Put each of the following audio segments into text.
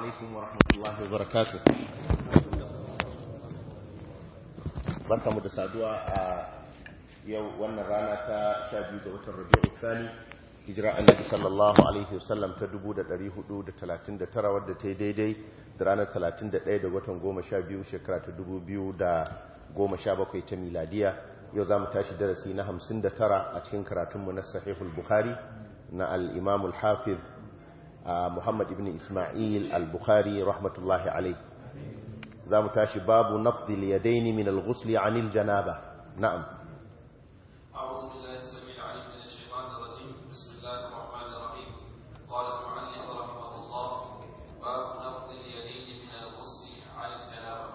alaikum wa rahmatullahi wa barakatuh da saduwa a yau wannan rana ta 12 ga watan Thani hijira annabi sallallahu alaihi wasallam ta 1439 wadda ta yi daidai da ranar 31 da watan 12 shekara ta 2017 ta miladiya yau za mu tashi darasi na 59 a cikin karatunmu na sahihul bukhari na al-imam hafiz آه، محمد بن إسماعيل البخاري رحمة الله عليه ذا متاشي باب نفض اليدين من الغسل عن الجنابة نعم أعوذ بالله السميع من الشيطان الرجيم بسم الله الرحمن الرحيم قال المعلم رحمه الله باب نفض اليدين من الغسل عن الجنابة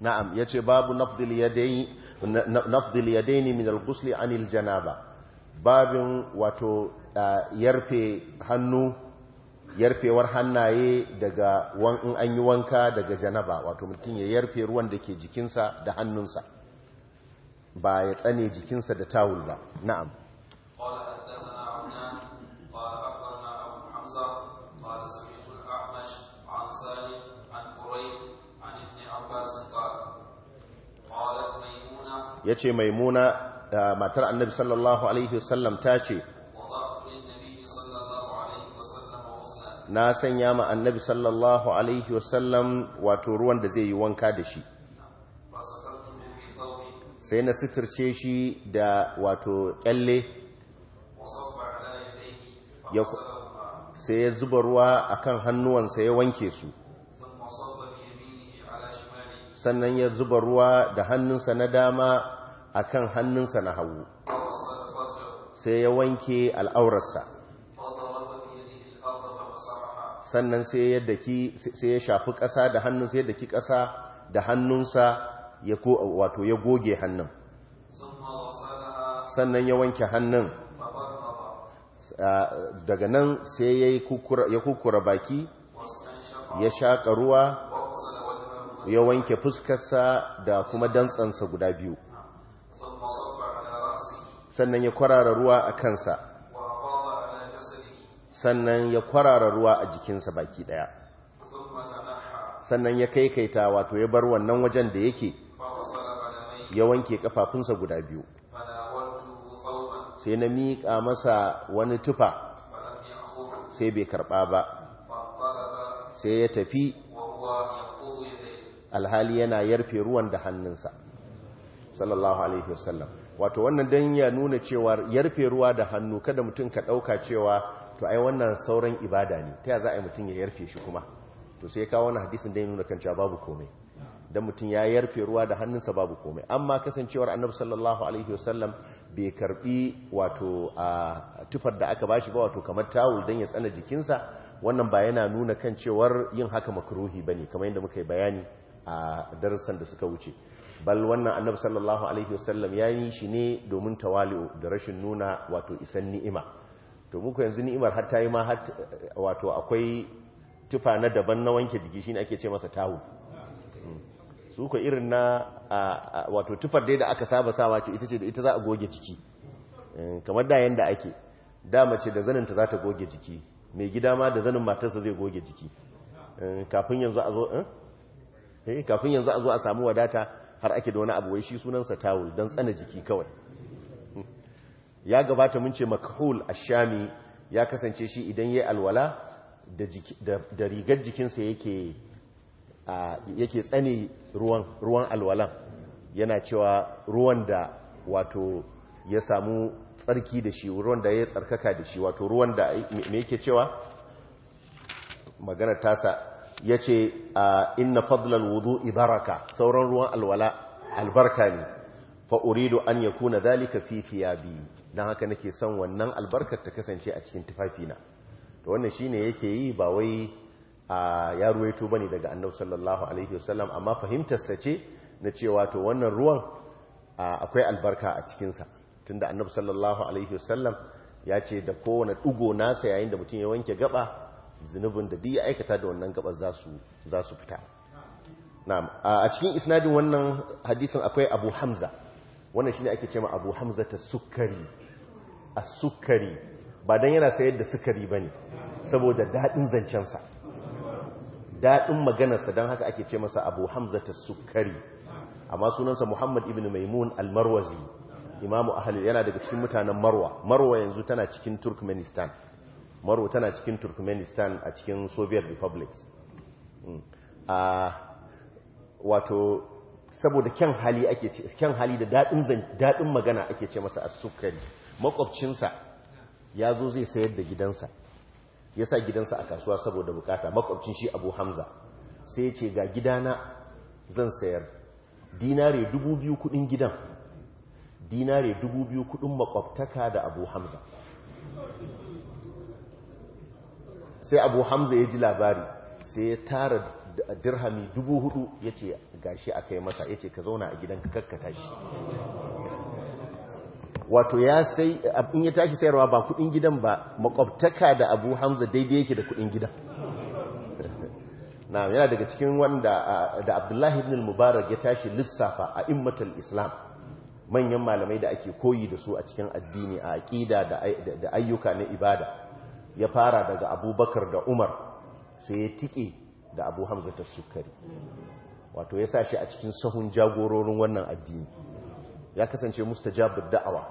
نعم يجي باب نفض اليدين نفض اليدين من الغسل عن الجنابة باب وتو آه، يرفي هنو yarfewar hannaye daga in an yi wanka daga janaba wato mutum ya yarfe ruwan da ke jikinsa da hannunsa ba ya tsane jikinsa da tawul ba na'am ya ce maimuna matar annabi sallallahu alaihi wasallam ta ce na sanya ma annabi sallallahu alaihi wasallam wato ruwan da zai yi wanka da shi sai na suturce shi da wato kyalle sai ya zuba ruwa akan hannuwansa ya wanke su sannan ya zuba ruwa da hannunsa na dama akan hannunsa na hagu sai ya wanke al'aurarsa sannan sai ya shafi ƙasa da hannun sai ya daki ƙasa da hannunsa ya ko wato ya goge hannun sannan ya wanke hannun daga nan sai ya kukura baki ya shaƙa ruwa ya wanke fuskarsa da kuma dantsansa guda biyu sannan ya kwarara ruwa a kansa sannan ya kwarara ruwa a jikinsa baki daya sannan ya kai kaikaita wato ya bar wannan wajen da yake ya wanke kafafunsa guda biyu sai na miƙa masa wani tufa sai bai karɓa ba sai ya tafi alhali yana yarfe ruwan da hannunsa sallallahu alaihi wasallam wato wannan don ya nuna cewa yarfe ruwa da hannu kada mutum ka ɗauka cewa to ai wannan sauran ibada ne ta za a yi mutum ya yarfe shi kuma to sai ya kawo wani hadisin da ya nuna kan cewa babu komai don mutum ya yarfe ruwa da hannunsa babu komai amma kasancewar annabi sallallahu alaihi wasallam bai karbi wato a tufar da aka bashi ba wato kamar tawul don ya tsana jikinsa wannan ba yana nuna kan cewar yin haka makruhi ne kamar yadda muka yi bayani a darussan da suka wuce bal wannan annabi sallallahu alaihi wasallam ya yi shi ne domin tawali'u da rashin nuna wato isan ni'ima to muku yanzu ni'imar har ta yi ma wato akwai tufa na daban na wanke jiki ne ake ce masa tawo hmm. su ku irin na wato tufar dai da aka saba sawa ce ita ce da ita za a goge jiki hmm, kamar da yanda ake da mace da zaninta za ta goge jiki mai gida ma da zanin matarsa zai goge jiki hmm, kafin yanzu a zo eh? Eh, kafin yanzu a zo a samu wadata har ake da wani abu wai shi sunansa tawul don tsana jiki kawai ya gabata mun ce makhul ashami ya kasance shi idan yayi alwala da rigar jikinsa yake yake tsane ruwan ruwan alwalan yana cewa ruwan da wato ya samu tsarki da shi ruwan da ya tsarkaka da shi wato ruwan da me yake cewa magana tasa yace inna fadlal wudu'i baraka sauran ruwan alwala albarka ne fa uridu an yakuna dhalika fi thiyabi don haka nake son wannan albarkar ta kasance a cikin tufafina to wannan shine yake yi ba wai a ya ruwaito bane daga annabi sallallahu alaihi wasallam amma fahimtarsa ce na cewa to wannan ruwan akwai albarka a cikinsa tunda annabi sallallahu alaihi wasallam ya ce da kowane dugo nasa yayin da mutum ya wanke gaba zunubin da ya aikata da wannan gabar za su fita a cikin isnadin wannan hadisin akwai abu hamza wannan shine ake ce ma abu hamza ta sukari a sukari ba don yana sayar da sukari ba ne saboda daɗin zancensa daɗin maganarsa don haka ake ce masa abu hamza ta sukari amma sunansa muhammad ibn maimun almarwazi imamu ahali yana daga cikin mutanen marwa marwa yanzu tana cikin turkmenistan marwa tana cikin turkmenistan a cikin soviet republics mm. wato saboda kyan hali da daɗin magana ake ce masa a sukari makwabcinsa ya zo zai sayar da gidansa ya sa gidansa a kasuwa saboda bukata makwabcin shi abu hamza sai ya ce ga gidana zan sayar dinare dubu biyu kudin gidan dinare dubu biyu kudin makwabtaka da abu hamza sai abu hamza ya ji labari sai ya tara dirhami dubu hudu ya ce gashi aka yi masa ya ce ka zauna a gidan ka kakkata shi wato ya sai in ya tashi sayarwa ba kudin gidan ba makwabtaka da abu hamza daidai yake da kudin gidan na yana daga cikin wanda ah, da abdullahi ibn mubarak ya tashi lissafa a immatul islam manyan malamai da ake koyi da su a cikin addini a aƙida da ayyuka na ibada ya fara daga abubakar da umar sai ya tike da abu hamza ta sukari wato ya sa shi a cikin sahun jagororin wannan addini ya kasance Jabu da'awa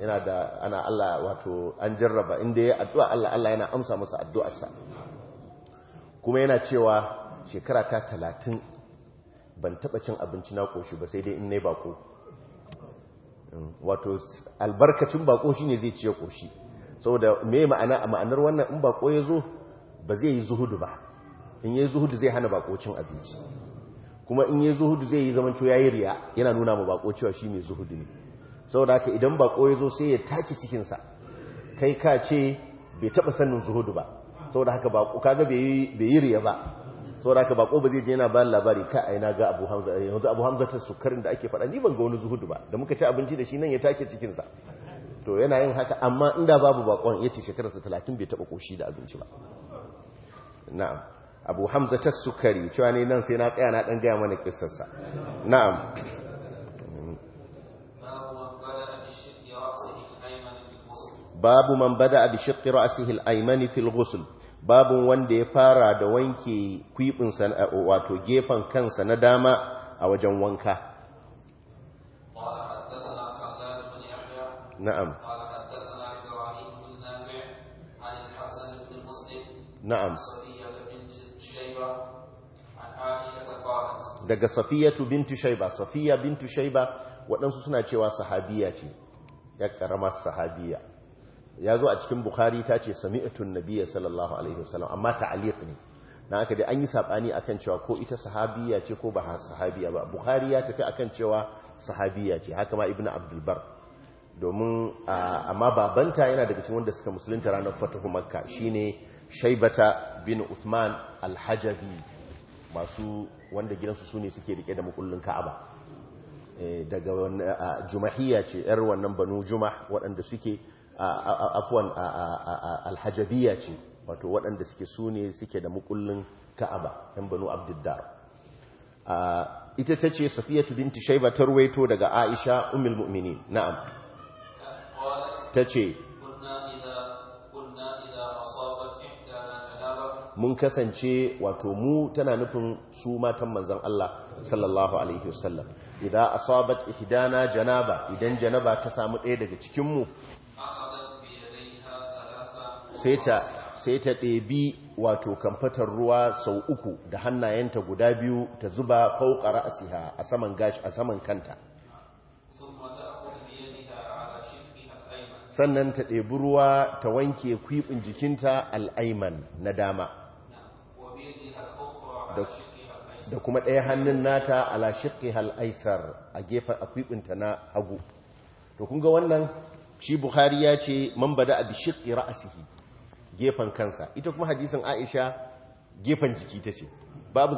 yana da ana Allah wato an jarraba inda ya addu'a Allah Allah yana amsa masa addu'arsa kuma yana cewa shekara ta talatin ban taba cin abinci na koshi ba sai dai in ne bako mm, wato albarkacin bako ne zai ciye koshi saboda me ma'ana a ma'anar wannan in bako ya zo ba zai yi zuhudu ba in yi zuhudu zai hana bako cin abinci kuma in yi zuhudu zai yi zamanto ya yi riya yana nuna ma bako cewa shi mai zuhudu ne saboda haka idan bako ya zo sai ya taki cikinsa kai ka ce bai taɓa sannin zuhudu ba sau da haka bako kaga bai yi riya ba saboda haka bako ba zai je yana bayan labari ka yana ga abu hamza yanzu abu hamza ta sukarin da ake faɗa ni ban ga wani zuhudu ba da muka ci abinci da shi nan ya taki cikinsa to yana yin haka amma inda babu bakon ya ce shekararsa talatin bai taɓa koshi da abinci ba na'am abu hamza ta sukari cewa ne nan sai na tsaya na ɗan gaya mana ƙisarsa na'am babu man bada a shiqqi ra'sihi al-ayman ghusl babu wanda ya fara da wanke kwibin wato gefen kansa na dama a wajen wanka na'am na'am daga safiyatu bintu shaiba safiya bintu shaiba waɗansu suna cewa sahabiya ce ya ƙaramar sahabiya ya zo a cikin bukhari ta ce sami'atun nabiya sallallahu alaihi wasallam amma ta'aliq ne na aka dai an yi saɓani akan cewa ko ita sahabiya ce ko ba sahabiya ba bukhari ya tafi akan cewa sahabiya ce haka ma ibnu Abdulbar bar domin amma babanta yana daga cikin wanda suka musulunta ranar fatahu makka shine shaibata bin uthman al masu wanda gidansu su ne suke rike da makullin ka'aba eh, daga jumahiyya ce yar wannan banu juma waɗanda suke afuwan Alhajjabiya ce wato waɗanda suke su ne suke da makullin ka'aba yan banu abdiddar ita ta ce safiyatu binti shaiba tarwaito daga aisha umul mu'mini na'am ta ce mun kasance wato mu tana nufin su matan manzan Allah sallallahu alaihi wasallam idza asabat ihdana janaba idan janaba ta samu ɗaya daga cikin mu sai ta sai ta ɗebi wato kamfatar ruwa sau uku da hannayenta guda biyu ta zuba fauqa siha a saman gashi a saman kanta sannan ta ɗebi ruwa ta wanke kwiɓin jikinta al'aiman na dama da kuma ɗaya hannun nata ala shiqqi hal aisar a gefen akwibinta na hagu to kun ga wannan shi bukhari ya ce man bada abi shiqqi ra'sihi gefen kansa ita kuma hadisin aisha gefen jiki ta babu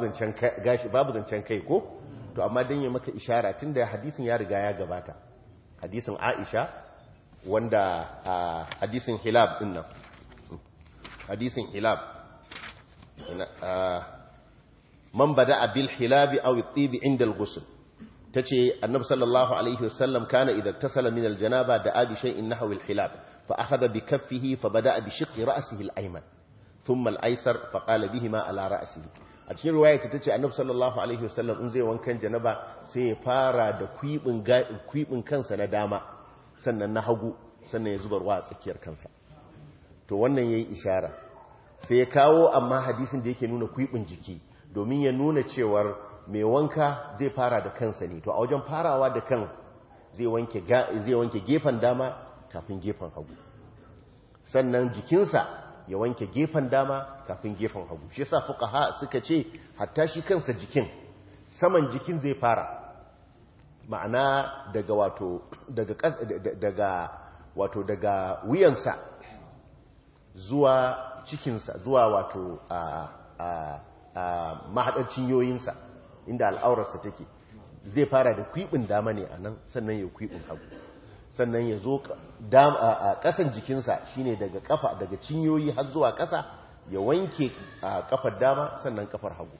babu zancen kai ko to amma dan ya maka ishara tunda hadisin ya riga ya gabata hadisin aisha wanda hadisin hilab din nan hadisin hilab man bada bil hilabi a at inda al ta tace annabi sallallahu alaihi wasallam kana idza tasala min al-janaba da abi shay'in nahwa al-hilab fa akhadha bi kaffihi fa bada bi shiqqi ra'sihi al-ayman thumma al-aysar fa qala bihima ala ra'sihi a cikin riwaya ta ce annabi sallallahu alaihi wasallam in zai wankan janaba sai ya fara da kwibin kwibin kansa na dama sannan na hagu sannan ya zuba wa tsakiyar kansa to wannan yayi ishara sai ya kawo amma hadisin da yake nuna kwibin jiki domin ya nuna cewar mai wanka zai fara da kansa ne to a wajen farawa da kan zai wanke gefen dama kafin gefen hagu sannan jikinsa ya wanke gefen dama kafin gefen hagu shi sa yasa ha suka ce hatta shi kansa jikin saman jikin zai fara ma'ana daga wato daga wato daga wuyansa zuwa cikinsa zuwa wato a mahaɗar cinyoyinsa inda al'aurarsa take zai fara da kwiɓin dama ne a nan sannan ya kwiɓin hagu sannan ya zo a ƙasan jikinsa shine daga ƙafa daga cinyoyi har zuwa ƙasa ya wanke a ƙafar dama sannan ƙafar hagu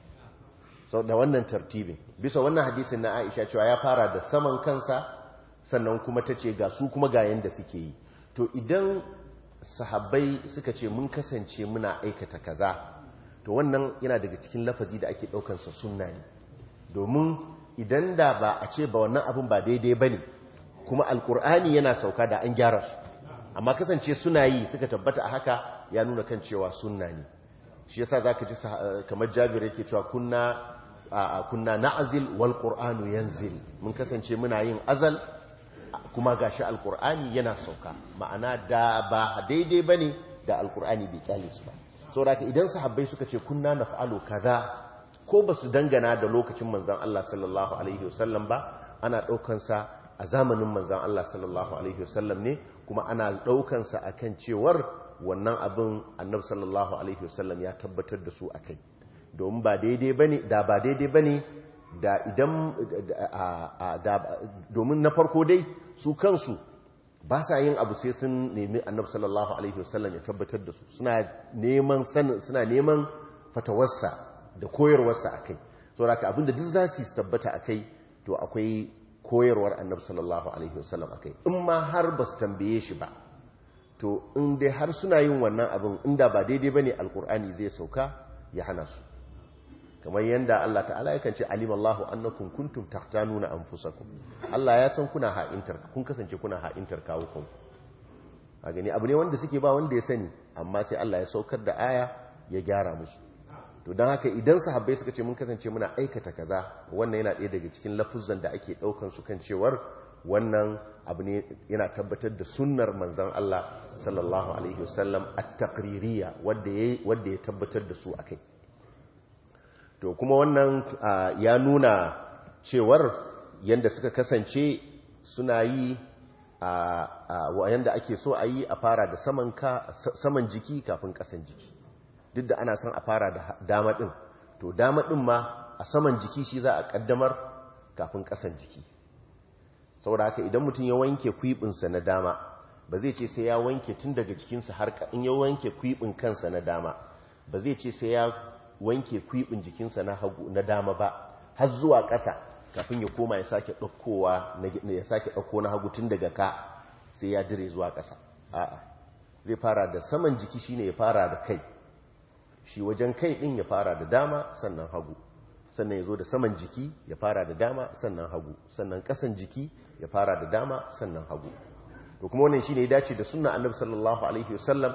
sau da wannan tartibin bisa wannan hadisin na aisha cewa ya fara da saman kansa sannan kuma ta ce ga su kuma ga yadda suke yi to idan sahabbai suka ce mun kasance muna aikata kaza to wannan yana daga cikin lafazi da ake ɗaukansa sunna ne domin idan da ba a ce ba wannan abin ba daidai ba ne kuma alkur'ani yana sauka da an gyara su amma kasance suna yi suka tabbata a haka ya nuna kan cewa sunna ne shi yasa ka ji kamar Jabir yake cewa kunna kunna na'zil wal qur'anu yanzil mun kasance muna yin azal kuma gashi alkur'ani yana sauka ma'ana da ba daidai ba ne da alkur'ani bai kyale su ba sauraka idan sahabbai suka ce kunna na ka kaza ko ba su dangana da lokacin manzan Allah sallallahu alaihi wasallam ba ana ɗaukansa a zamanin manzan Allah sallallahu alaihi wasallam ne kuma ana ɗaukansa a kan cewar wannan abin annab sallallahu alaihi wasallam ya tabbatar da su a kai domin ba daidai ba ne da ba daidai ba ne da idan domin na farko dai su kansu ba sa yin abu sai sun nemi annabi sallallahu alaihi wasallam ya tabbatar da su suna neman sanin suna neman fatawarsa da koyarwarsa akai saboda haka abinda duk za su tabbata akai to akwai koyarwar annabi sallallahu alaihi wasallam akai in ma har ba su tambaye shi ba to in dai har suna yin wannan abin inda ba daidai bane alkur'ani zai sauka ya hana su kamar yadda Allah ta'ala yakan ce alimallahu annakum kuntum tahtanuna anfusakum Allah ya san kuna ha'intar kun kasance kuna ha'intar kun a gani abu ne wanda suke ba wanda ya sani amma sai Allah ya saukar da aya ya gyara musu to don haka idan sahabbai suka ce mun kasance muna aikata kaza wannan yana ɗaya daga cikin lafuzan da ake ɗaukan su kan cewar wannan abu ne yana tabbatar da sunnar manzon Allah sallallahu alaihi wasallam at takririya wanda ya tabbatar da su akai to kuma wannan ya nuna cewar yadda suka kasance suna yi a yadda ake so a yi a fara da saman jiki kafin kasan jiki duk da ana son a fara da dama ɗin to dama ɗin ma a saman jiki shi za a ƙaddamar kafin kasan jiki saboda haka idan mutum ya wanke kwiɓinsa na dama ba zai ce sai ya wanke tun daga jikinsa har ka in ya wanke kwibin kansa na dama ba zai ce sai ya wanke kwiɓin jikinsa na hagu na dama ba har zuwa ƙasa kafin ya koma ya sake ɗaukowa ya sake ɗauko na hagu tun daga ka sai ya dire zuwa ƙasa a'a zai fara da saman jiki shine ya fara da kai shi wajen kai ɗin ya fara da dama sannan hagu sannan ya zo da saman jiki ya fara da dama sannan hagu sannan ƙasan jiki ya fara da dama sannan hagu to kuma wannan shine ya dace da sunna annabi sallallahu alaihi wasallam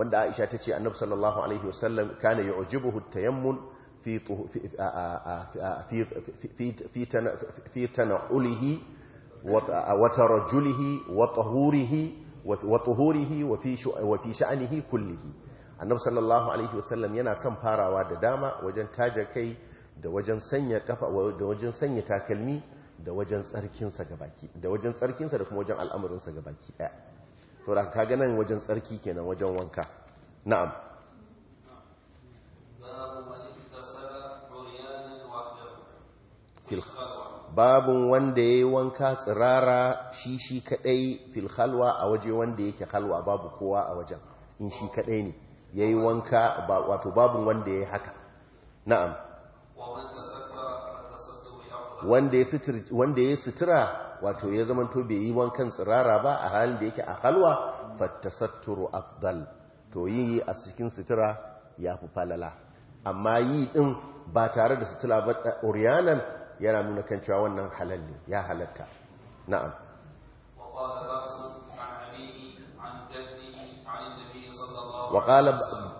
wanda Aisha ta ce annabu sallallahu alaihi wasallam kana yu'jibuhu at-tayammun fi fi fi fi tana'ulihi wa tarajjulihi wa tahurihi wa tuhurihi wa fi wa fi sha'nihi kullihi annabi sallallahu alaihi wasallam yana son farawa da dama wajen taja kai da wajen sanya kafa da wajen sanya takalmi da wajen tsarkinsa gabaki da wajen tsarkinsa da kuma wajen al'amarinsa gabaki daya to da ka ganin wajen tsarki kenan wajen wanka na'am Babu wanda ya yi wanka tsirara shi shi kadai filhalwa a waje wanda yake halwa babu kowa a wajen in shi kadai ne ya yi wanka wato babu wanda ya yi haka na'am wanda ya sutura wato ya zama zamanto bai yi wankan tsirara ba a halin da yake a halwa fattasatturu afdal to yi a cikin sutura ya fi falala amma yi din ba tare da sutura ba oriyanan yana nuna kan cewa wannan halal ne ya halatta na'am وقال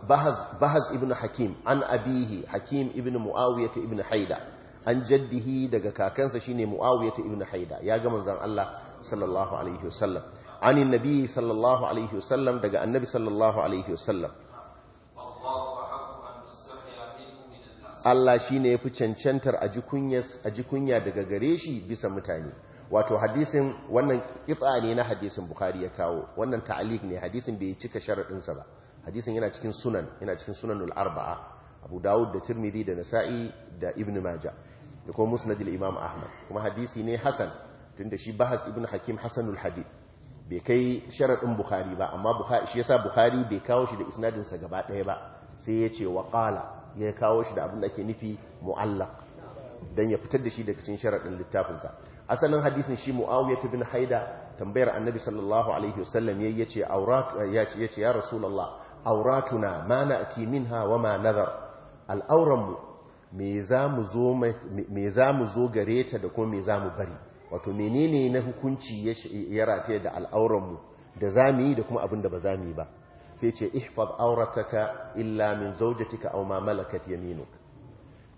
بهز, بهز ابن حكيم عن أبيه حكيم ابن معاوية ابن حيدة an jaddihi daga kakansa shine muawiya ta ibnu haida ya ga manzon Allah sallallahu alaihi wasallam anin nabi sallallahu alaihi wasallam daga annabi sallallahu alaihi wasallam Allah shine yafi cancantar a jikunya daga gare shi bisa mutane wato hadisin wannan kitsa ne na hadisin bukhari ya kawo wannan ta'alik ne hadisin bai cika sharaɗinsa ba hadisin yana cikin sunan yana cikin sunanul arba'a abu dawud da tirmidhi da nasa'i da ibn majah da kuma musnadil imam ahmad kuma hadisi ne hasan tunda shi bahas ibn hakim hasanul hadith bai kai sharadin bukhari ba amma bukhari shi yasa bukhari bai kawo shi da isnadin sa gaba daya ba sai ya ce wa qala ya kawo shi da abin da ake nufi muallaq dan ya fitar da shi daga cikin sharadin littafin sa asalin hadisin shi muawiyah ibn haida tambayar annabi sallallahu alaihi wasallam yayi yace aurat yace ya rasulullah auratuna ma na'ti minha wa ma nadhar al'auran mu me za mu zo gare ta da kuma me za mu bari wato menene na hukunci ya rataya da al'auranmu da za mu yi da kuma abin da ba za mu yi ba sai ce ihfaz aurataka illa min zawjatika aw ma malakat yaminuk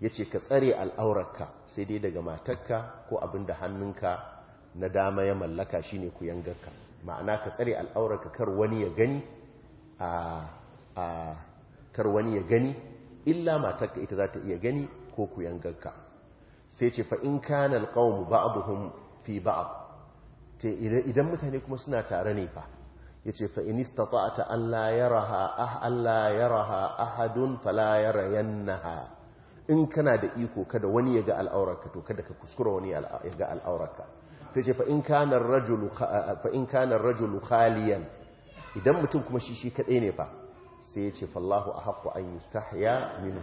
yace ka tsare al'aurarka sai dai daga matarka ko abin da hannunka na dama ya mallaka shine ku yangarka ma'ana ka tsare al'aurarka kar wani ya kar wani ya gani illa matarka ita za ta iya gani ko ku yangarka sai ce fa in kana alqawm ba'dhum fi ba'd ce idan mutane kuma suna tare ne fa yace fa in istata'ta an la yaraha ah an la yaraha ahadun fala yarayannaha in kana da iko kada wani ya ga al'aurarka to kada ka kuskura wani ya ga al'aurarka sai ce fa in kana ar-rajulu khaliyan idan mutum kuma shi shi kadai ne fa sai ya ce fallahu a haƙƙo an yi tahya minhu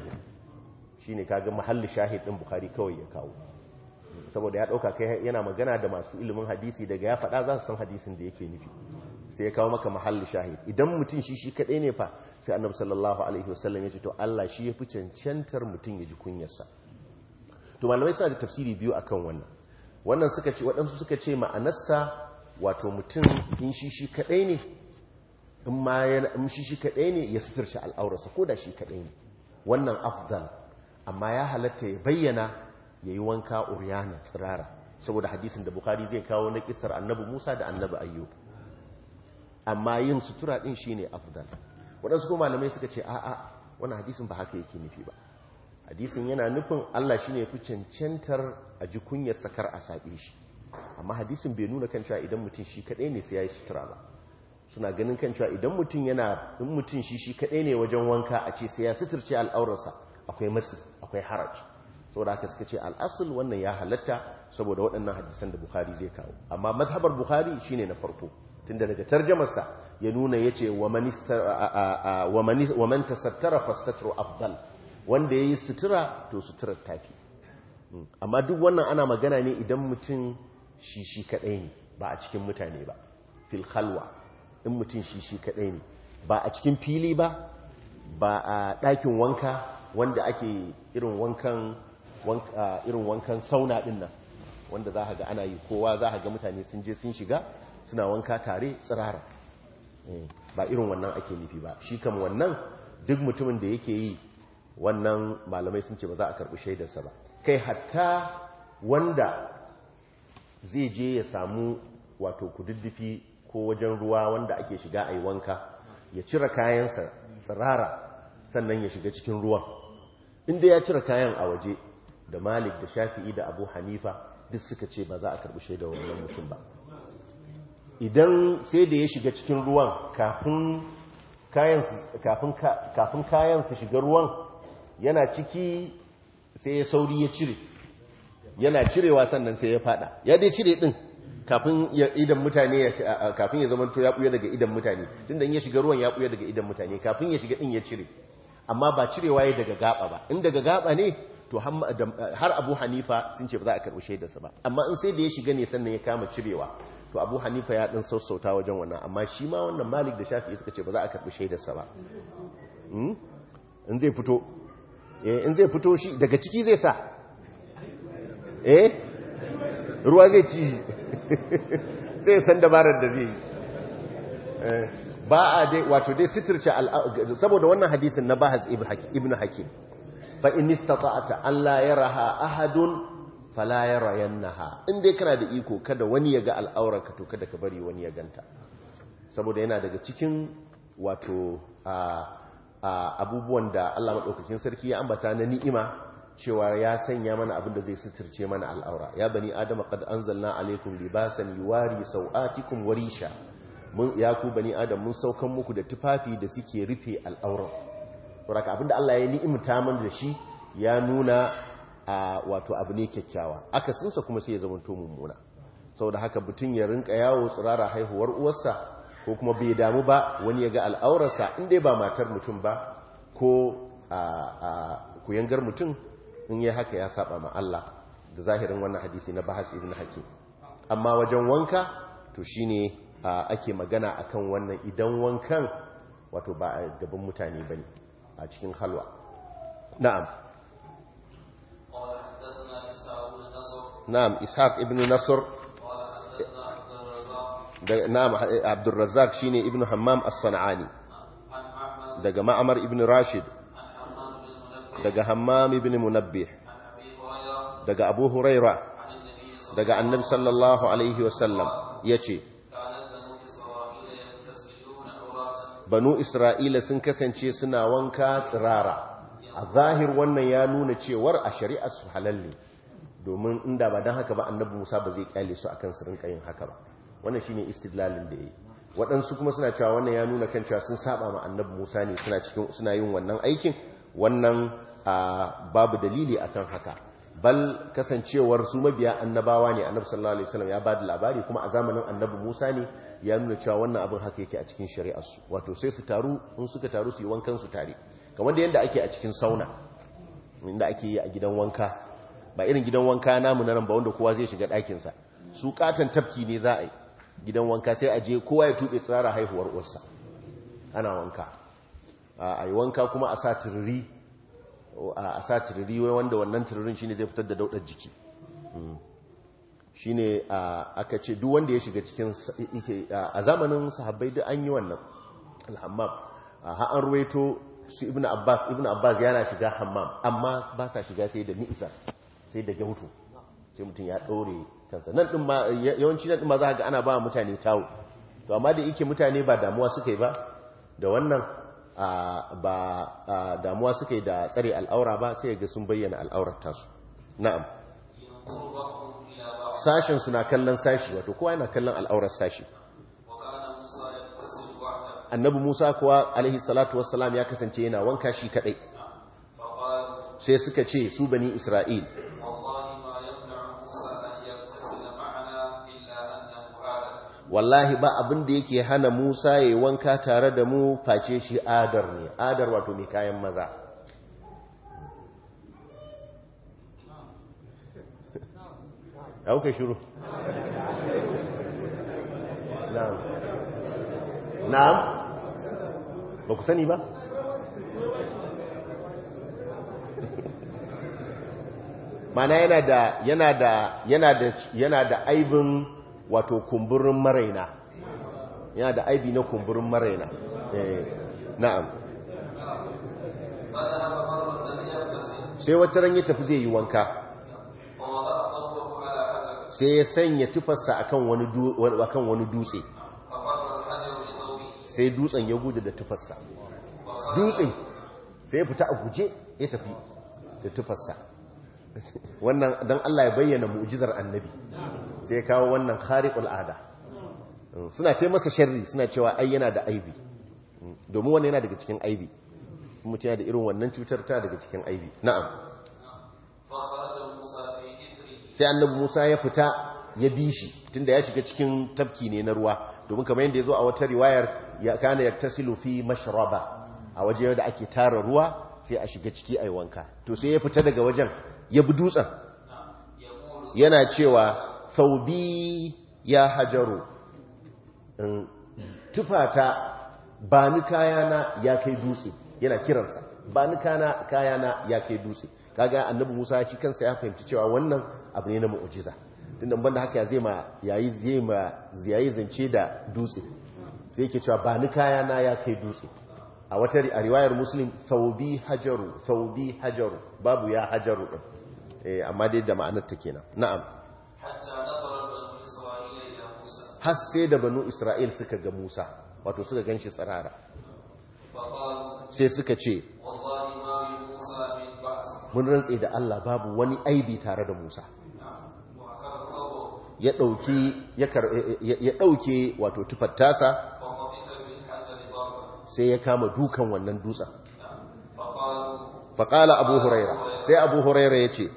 shi ne kaga mahalli shahidin bukari kawai ya kawo saboda ya ɗauka kai yana magana da masu ilimin hadisi daga ya faɗa za su san hadisin da yake nufi sai ya kawo maka mahalli shahid idan mutum shi shi kaɗai ne fa sai annabi sallallahu alaihi wasallam ya ce to Allah shi ya fi cancantar mutum ya ji kunyarsa to malamai suna da tafsiri biyu akan wannan wannan suka ce waɗansu suka ce ma'anarsa wato mutum in shi shi kaɗai ne in ma ya shi shi kaɗai ne ya shi al'aurarsa ko da shi kaɗai ne wannan afdal amma ya halatta ya bayyana ya yi wanka uriyana tsirara saboda hadisin da bukari zai kawo na kisar annabi musa da annabi ayyu amma yin sutura ɗin shi ne afdal waɗansu ko malamai suka ce a'a wani hadisin ba haka yake nufi ba hadisin yana nufin allah shi ne fi cancantar a ji kunyar sakar a saɓe shi amma hadisin bai nuna kan cewa idan mutum shi kaɗai ne sai ya yi sutura ba suna ganin kan cewa idan mutum yana in mutum shi shi kaɗai ne wajen wanka a ce sai ya suturce al'aurarsa akwai matsi akwai haraj da haka suka ce al'asul wannan ya halatta saboda waɗannan hadisan da bukhari zai kawo amma mazhabar bukhari shine na farko tunda daga tarjamarsa ya nuna ya ce wa man tasattara fassatru afdal wanda ya yi sutura to suturar tafi hmm. amma duk wannan ana magana ne idan mutum shi shi kaɗai ne ba a cikin mutane ba fil khalwa in mutum shi shi kaɗai ne ba a cikin fili ba ba a ɗakin wanka wanda ake irin wankan irin wankan sauna ɗin nan wanda za ga ana yi kowa za ga mutane sun je sun shiga suna wanka tare tsirara eh, ba irin wannan ake nufi ba shi kam wannan duk mutumin da yake yi wannan malamai sun ce ba za a karɓi shaidarsa ba kai hatta wanda zai je ya samu wato kududdufi ko wajen ruwa wanda ake shiga a wanka ya cire kayansa tsirara sannan ya shiga cikin ruwan inda ya cire kayan a waje da malik da shafi'i da abu hanifa duk suka ce ba za a karbi shaida wannan mutum ba idan sai da ya shiga cikin ruwan kafin kayan su shiga ruwan yana ciki sai ya sauri ya cire yana cirewa sannan sai ya fada ya dai cire din kafin ya idan mutane kafin ya zamanto ya buya daga idan mutane tunda in ya shiga ruwan ya buya daga idan mutane kafin ya shiga din ya cire amma ba cirewa ya daga gaba ba in daga gaba ne to har Abu Hanifa sun ce ba za a karbi shaidarsa ba amma in sai da ya shiga ne sannan ya kama cirewa to Abu Hanifa ya ɗin sassauta wajen wannan amma shi ma wannan Malik da Shafi'i suka ce ba za a karbi shaidarsa ba hmm? in zai fito eh, in zai fito shi daga ciki zai sa eh ruwa zai ci sai san dabarar da zai yi eh, ba a dai wato dai sitirce saboda wannan hadisin na bahas ibn hakim fa in istata'ata an la yaraha ahadun fala ha? in dai kana da iko kada wani ya ga al'aurarka to kada ka bari wani ya ganta saboda yana daga cikin wato abubuwan da Allah madaukakin sarki ya ambata na ni'ima cewa ya sanya mana abin da zai suturce mana al'aura ya bani adama qad anzalna alaikum libasan yuwari sau'atikum warisha mun ya ku bani adam mun saukan muku da tufafi da suke rufe al'aura saboda abin da Allah ya ni'imta mana da shi ya nuna a wato abu ne kyakkyawa aka akasinsa kuma sai ya zama to mummuna saboda haka butun ya rinka yawo tsirara haihuwar uwarsa ko kuma bai damu ba wani ya ga al'aurarsa in dai ba matar mutum ba ko a kuyangar mutum in yi haka ya saba ma Allah da zahirin wannan hadisi na bahas ibn hakim amma wajen wanka to shine ake magana akan wannan idan wankan wato ba a gaban mutane bane a cikin halwa na'am na'am ishaq ibn nasr na'am abdurrazzaq shine ibn hammam as-sanani daga ma'amar ibn rashid daga hammami bin munabbih daga abu huraira daga annabi sallallahu alaihi wasallam ya ce banu isra'ila sun kasance suna wanka tsirara a zahir wannan ya nuna cewar a shari'ar su halalle domin inda ba don haka ba annabi musa ba zai kyale su akan su rinka yin haka ba wannan shine istidlalin da ya yi waɗansu kuma suna cewa wannan ya nuna kan cewa sun saba ma annabi musa ne suna yin wannan aikin wannan babu dalili akan haka bal kasancewar su mabiya annabawa ne annabi sallallahu alaihi wasallam ya ba da labari kuma a zamanin annabi Musa ne ya nuna cewa wannan abin haka yake a cikin shari'ar su wato sai su taru in suka taru su yi wankan su tare kamar da yanda ake a cikin sauna inda ake yi a gidan wanka ba irin gidan wanka namu na nan ba wanda kowa zai shiga ɗakin sa su katan tafki ne za a yi gidan wanka sai a je kowa ya tube tsara haihuwar uwarsa ana wanka a yi wanka kuma a sa tururi a sa wanda wannan tururin shine zai fitar da daudar jiki mm. shine aka ce duk wanda ya shiga cikin a zamanin sahabbai duk an yi wannan alhammam ha an ruwaito su Ibn abbas Ibn abbas yana shiga hammam amma ba sa shiga sai da ni'isa sai da gautu sai mutum ya ɗore kansa nan ɗin ma yawanci nan ɗin ma za ga ana ba mutane tawo to amma da yake mutane ba damuwa suka yi ba da wannan ba damuwa suka yi da tsare al'aura ba sai ga sun bayyana al'aurar tasu na'am sashen suna kallon sashi wato kowa yana kallon al'aurar sashi annabi Musa kuwa alaihi salatu wassalam ya kasance yana wanka shi kadai sai suka ce su bani Isra'il wallahi ba abin da yake hana Musa ya wanka tare da mu face shi adar ne adar wato mai kayan maza ya kuka shiru na'am na'am ba ku sani ba mana yana da yana da yana da yana da aibin wato kumburin maraina ya da aibi na kumburin maraina eh, na'am sai wata ran ya tafi zai yi wanka sai ya sanya tufarsa akan wani wani dutse sai dutsen ya gudu da tufarsa Dutse sai ya fita a guje ya tafi da tufarsa wannan don Allah ya bayyana mu'ujizar annabi sai ya kawo wannan khariqul al'ada. Mm, suna ce masa sharri suna cewa ai yana da aibi mm, domin wannan yana daga cikin aibi mutum yana da irin wannan cutar ta daga cikin aibi na'am sai annabi Musa ya fita ya bi shi tunda ya shiga cikin tafki ne na ruwa domin kamar yadda ya zo a wata riwayar ya kana ya yaktasilu fi mashraba a waje da ake tara ruwa sai a shiga ciki a yi wanka to sai ya fita daga wajen ya bi dutsen yana cewa Saubi ya hajaru tufata ba ni kayana ya kai dutse yana kiransa ba ni kayana ya kai dutse kaga annabi Musa shi kansa ya fahimci cewa wannan abu ne na mu'jiza tunda ban da haka ya zai ma yayi zai zance da dutse sai yake cewa ba ni kayana ya kai dutse a wata riwayar muslim saubi hajaru saubi hajaru babu ya hajaru eh, amma dai da ma'anar ta kenan na'am har sai da banu isra'il suka ga musa wato suka gan shi tsirara sai suka ce mun rantse da allah babu wani aibi tare da musa ya ɗauke wato tufattasa sai ya kama dukan wannan dutsen faƙala abu huraira sai abu huraira ya ce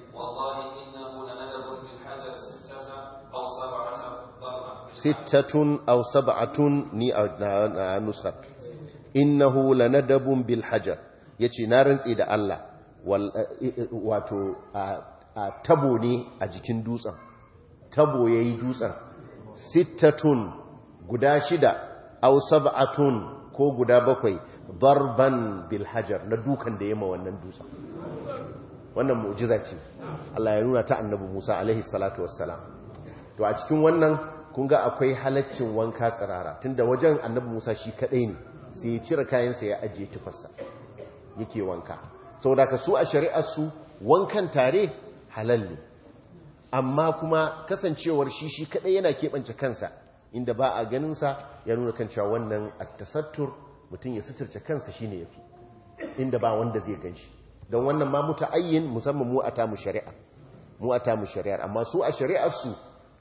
sittatun aw sab'atun ni a hula innahu lanadabun bil hajar yace na rantsi da Allah wato a tabo ne a jikin dutsen tabo yayi dutsen sittatun guda shida aw sab'atun ko guda bakwai darban bil hajar na dukan da yema wannan dutsen wannan mu'jiza ce Allah ya nuna ta annabi Musa alaihi salatu wassalam to a cikin wannan kun ga akwai halaccin wanka tsirara tunda wajen annabi Musa shi kadai ne sai ya cire kayansa ya ajiye tufarsa yake wanka saboda ka su a shari'ar su wankan tare halal ne amma kuma kasancewar shi shi kadai yana keɓance kansa inda ba a ganinsa ya nuna kan cewa wannan attasattur tasattur mutum ya suturce kansa shine fi. inda ba wanda zai ganshi don wannan ma muta'ayyin musamman mu a tamu mu a shari'ar amma su a shari'ar su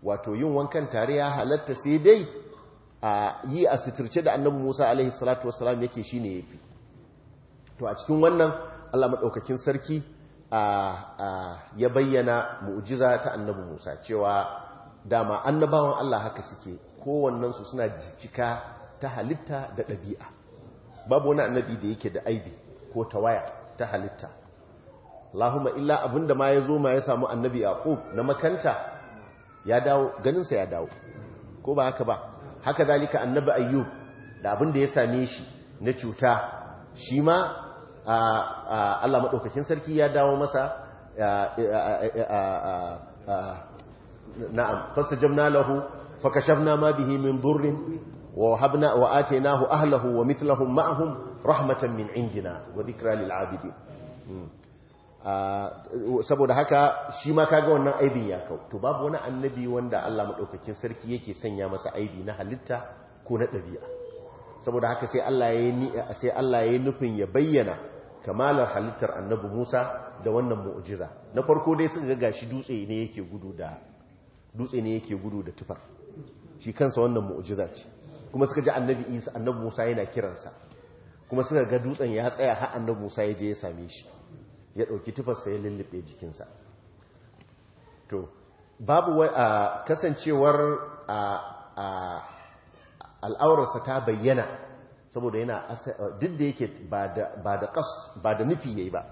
wato yin wankan tare ya halatta sai dai a yi a sitirce da annabi Musa alaihi salatu wasalam yake shine yafi to a cikin wannan Allah maɗaukakin sarki ya bayyana mu'ujiza ta annabi Musa cewa dama annabawan Allah haka suke kowannensu suna jijjika ta halitta da ɗabi'a babu wani annabi da yake da aibi ko ta waya ta halitta Allahumma illa abinda ma ya zo ma ya samu annabi Yaqub na makanta ya dawo ganinsa ya dawo ko ba haka ba haka zalika annabi ayyub da abin da ya same shi na cuta shi ma Allah maɗaukakin sarki ya dawo masa na'am fastajabna lahu fakashafna ma bihi min durrin wa habna wa atainahu ahlahu wa mithlahum ma'ahum rahmatan min indina wa dhikra lil abidin hmm. Ah, saboda haka shi ma kaga wannan aibin ya kau to babu wani annabi wanda Allah madaukakin sarki yake sanya masa aibi na halitta ko na ɗabi'a saboda haka sai Allah ya yi sai Allah ya nufin ya bayyana kamalar halittar annabi Musa da wannan mu'jiza na farko dai suka ga gashi dutse ne yake gudu da dutse ne yake gudu da tufar shi kansa wannan mu'jiza ce kuma suka ji annabi Isa annabi Musa yana kiransa kuma suka ga dutsen ya tsaya har annabi Musa ya je ya same shi ya ɗauki tufarsa ya lullube jikinsa to babu wai a kasancewar a al'aurarsa ta bayyana saboda yana duk da yake ba da nufi yayi ba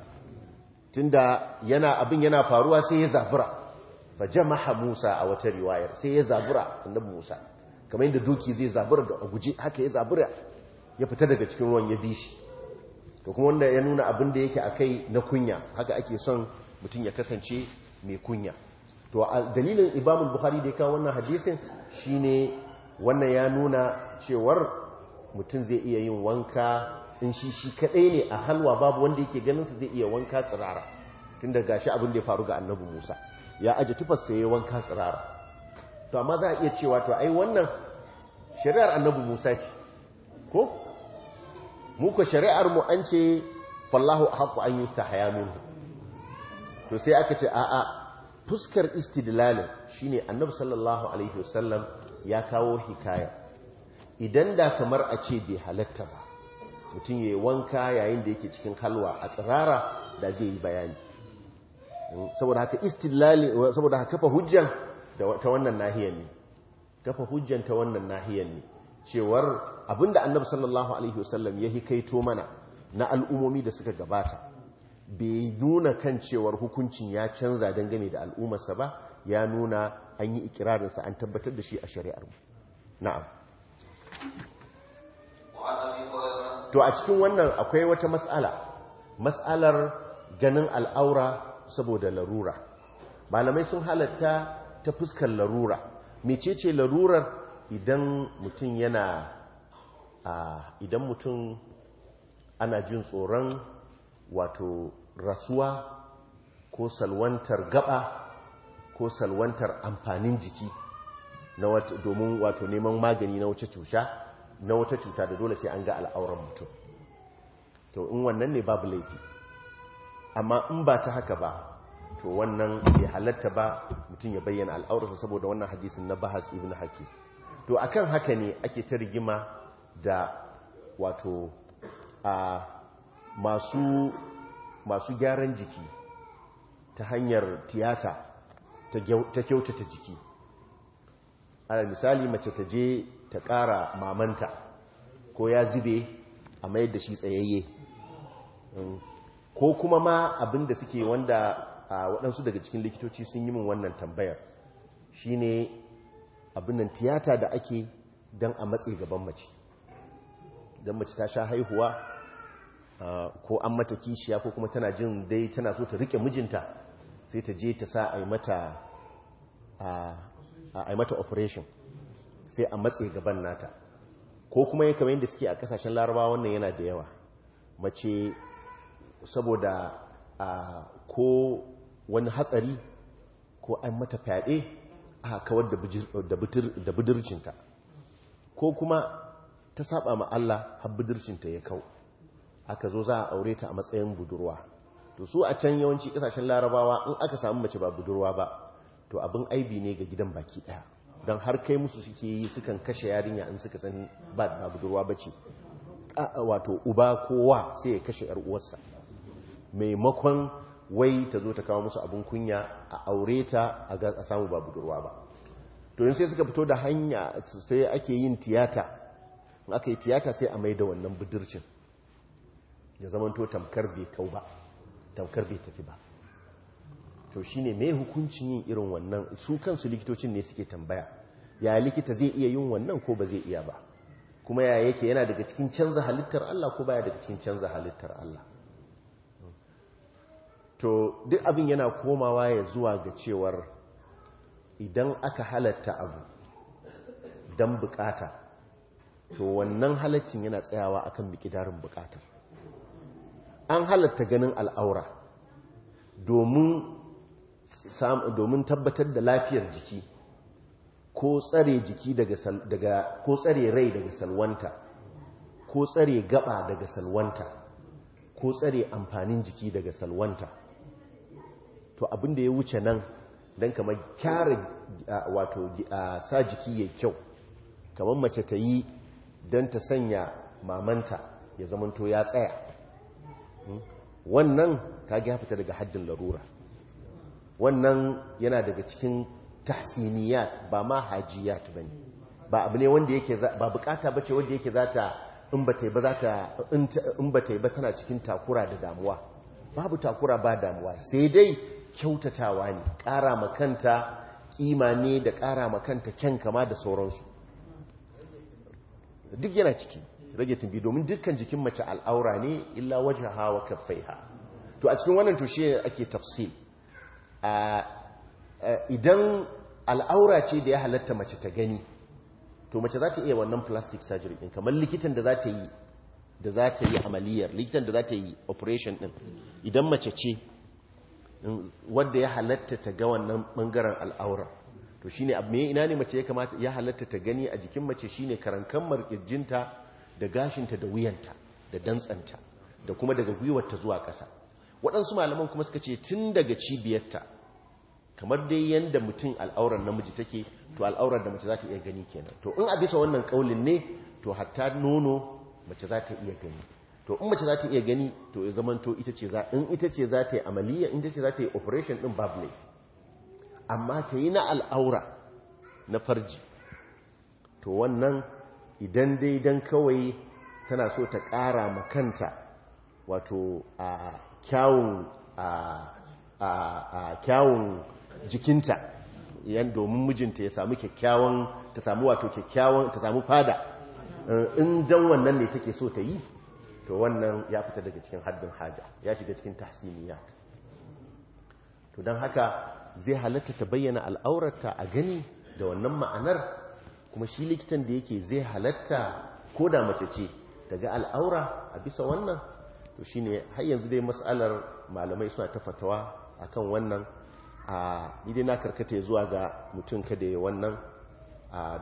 tunda yana abin yana faruwa sai ya zafira fa jama'a Musa a wata riwayar sai ya zafira nan Musa kamar yadda duki zai zabura da guji haka ya zabura ya fita daga cikin ruwan ya bi shi to kuma wanda ya nuna abin da yake akai na kunya haka ake son mutum ya kasance mai kunya to dalilin ibamul bukhari da ya wannan hadisin shine wannan ya nuna cewar mutum zai iya yin wanka in shi shi kadai ne a halwa babu wanda yake ganin sa zai iya wanka tsirara tun gashi abin da ya faru ga annabi Musa ya aje tufar sai wanka tsirara to amma za a iya cewa to ai wannan shari'ar annabi Musa ce ko muka shari'ar mu an ce fallahu haqqu an yustahaya minhu to sai aka ce a'a fuskar istidlalin shine annabi sallallahu alaihi wasallam ya kawo hikaya idan da kamar a ce bai halatta ba mutum yayi wanka yayin da yake cikin halwa a tsirara da zai yi bayani hmm, saboda haka istidlal saboda haka kafa hujjan ta wannan nahiyar ne kafa hujjan ta wannan nahiyar ne cewar abinda annabi sallallahu alaihi wasallam ya hikaito mana na al'umomi da suka gabata bai nuna kan cewar hukuncin ya canza dangane da al'ummarsa ba ya nuna an yi ikirarinsa an tabbatar da shi a shari'ar mu na'am to a cikin wannan akwai wata mas'ala mas'alar ganin al'aura saboda larura malamai sun halatta ta fuskar larura mecece larurar idan mutum yana idan mutum ana jin tsoron wato rasuwa ko salwantar gaba ko salwantar amfanin jiki domin wato neman magani na wata cuta na wata cuta da dole sai an ga al'auran mutum to in wannan ne babu laifi amma in ba ta haka ba to wannan bai halatta ba mutum ya bayyana al'aurarsa saboda wannan hadisin na bahas ibn hakim to akan haka ne ake ta rigima da wato a masu gyaran jiki ta hanyar tiyata ta kyautata jiki ana misali mace ta je ta ƙara mamanta ko ya zube a mayar da shi tsayayye mm. ko kuma ma abin da suke wanda waɗansu daga cikin likitoci sun yi min wannan tambayar shine abinnan tiyata da ake don a matse gaban mace don mace ta sha haihuwa ko an mata kishiya ko kuma tana jin dai tana so ta rike mijinta sai ta je ta sa a yi mata operation sai a matse gaban nata ko kuma ya kamar yadda suke a kasashen larabawa wannan yana da yawa mace saboda ko wani hatsari ko an mata fyaɗe A'a, kawar da budurcinta ko kuma ta saba ma Allah har budurcinta ya kau aka zo za a aure ta a matsayin budurwa to su a can yawanci kasashen larabawa in aka samu mace ba budurwa ba to abin aibi ne ga gidan baki daya don har kai musu suke yi sukan kashe yarinya in suka san ba da budurwa ba ce wato uba kowa sai ya kashe yar uwarsa maimakon wai ta zo ta kawo musu abin kunya a aure ta a samu ba budurwa ba to yin sai suka fito da hanya sai ake yin tiyata aka yi tiyata sai a mai da wannan budurcin ya zamanto tamkar bai kau ba tamkar bai tafi ba to shine mai hukuncin yin irin wannan su kansu likitocin ne suke tambaya ya likita zai iya yin wannan ko ba zai iya ba kuma ya yake yana daga cikin canza halittar Allah ko baya daga cikin canza halittar Allah to duk abin yana komawa ya zuwa ga cewar idan aka halatta abu don bukata to wannan halaccin yana tsayawa akan mikidarin bukatar an halatta ganin al'aura domin tabbatar da lafiyar jiki ko tsare jiki daga ko tsare rai daga salwanta ko tsare gaba daga salwanta ko tsare amfanin jiki daga salwanta to abin da ya wuce nan don kamar kyara wato sa jiki ya kyau kamar mace ta yi don ta sanya mamanta ya zamanto ya tsaya hmm? wannan ta gaya fita daga haddin larura wannan yana daga cikin tahsiniya ba ma hajiya ba ne ba abu ne wanda yake ba bukata ba ce wanda yake za ta in ba ta yi ba tana cikin takura da damuwa babu takura ba damuwa sai dai kyautatawa ne ƙara makanta kima ne da ƙara makanta kyan kama da sauransu duk yana ciki rage tumbi domin dukkan jikin mace al'aura ne illa waje hawa ha. to a cikin wannan tushe ake tafsil idan al'aura ce da ya halatta mace ta gani to mace za ta iya wannan plastic surgery din kamar likitan da za ta yi da za ta yi amaliyar likitan da za ta yi operation din idan mace ce wadda ya halatta ta ga wannan bangaren al'aura to shine abu mai ina ne mace ya kamata ya halatta ta gani a jikin mace shine karankan markirjinta da gashinta da wuyanta da dantsanta da kuma daga gwiwarta zuwa ƙasa waɗansu malaman kuma suka ce tun daga cibiyarta kamar dai yadda mutum al'aurar namiji take to al'aurar da mace za ta iya gani kenan to in a bisa wannan kaulin ne to hatta nono mace za ta iya gani to in mace za ta iya gani to ya zamanto ita ce za in ita ce za ta yi amaliya in ita ce za ta yi operation din babu ne amma ta yi na al'aura na farji to wannan idan dai dan kawai tana so ta ƙara makanta wato a kyawun a kyawun jikinta yan domin mijinta ya samu kyakkyawan ta samu wato kyakkyawan ta samu fada eh, in dan wannan ne take so ta yi to wannan ya fita daga cikin haddin haja ya shiga cikin tahsiniyat to don haka zai halatta ta bayyana al'aurarta a gani da wannan ma'anar kuma shi likitan da yake zai halatta ko da mace ce daga al'aura a bisa wannan to shi ne har yanzu dai matsalar malamai suna ta fatawa a kan wannan a dai na karkata zuwa ga mutum kada ya wannan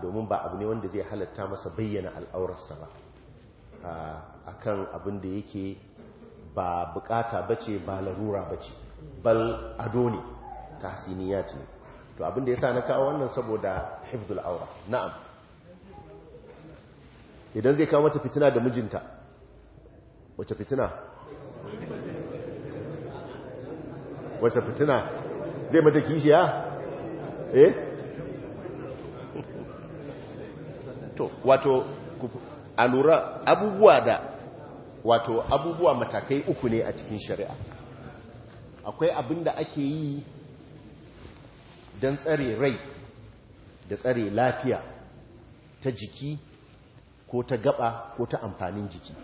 domin ba abu ne wanda zai halatta masa bayyana al'aurarsa ba akan abin da yake ba bukata bace ba larura bace bal ado ne tahsiniyat ne to abin da yasa na kawo wannan saboda hifzul aura na'am idan zai kawo mata fitina da mijinta wace fitina wace fitina zai mata kishiya eh to wato a lura abubuwa da wato abubuwa matakai uku ne a cikin shari'a akwai abin da ake yi don tsare rai da tsare lafiya ta jiki ko ta gaba ko ta amfanin jiki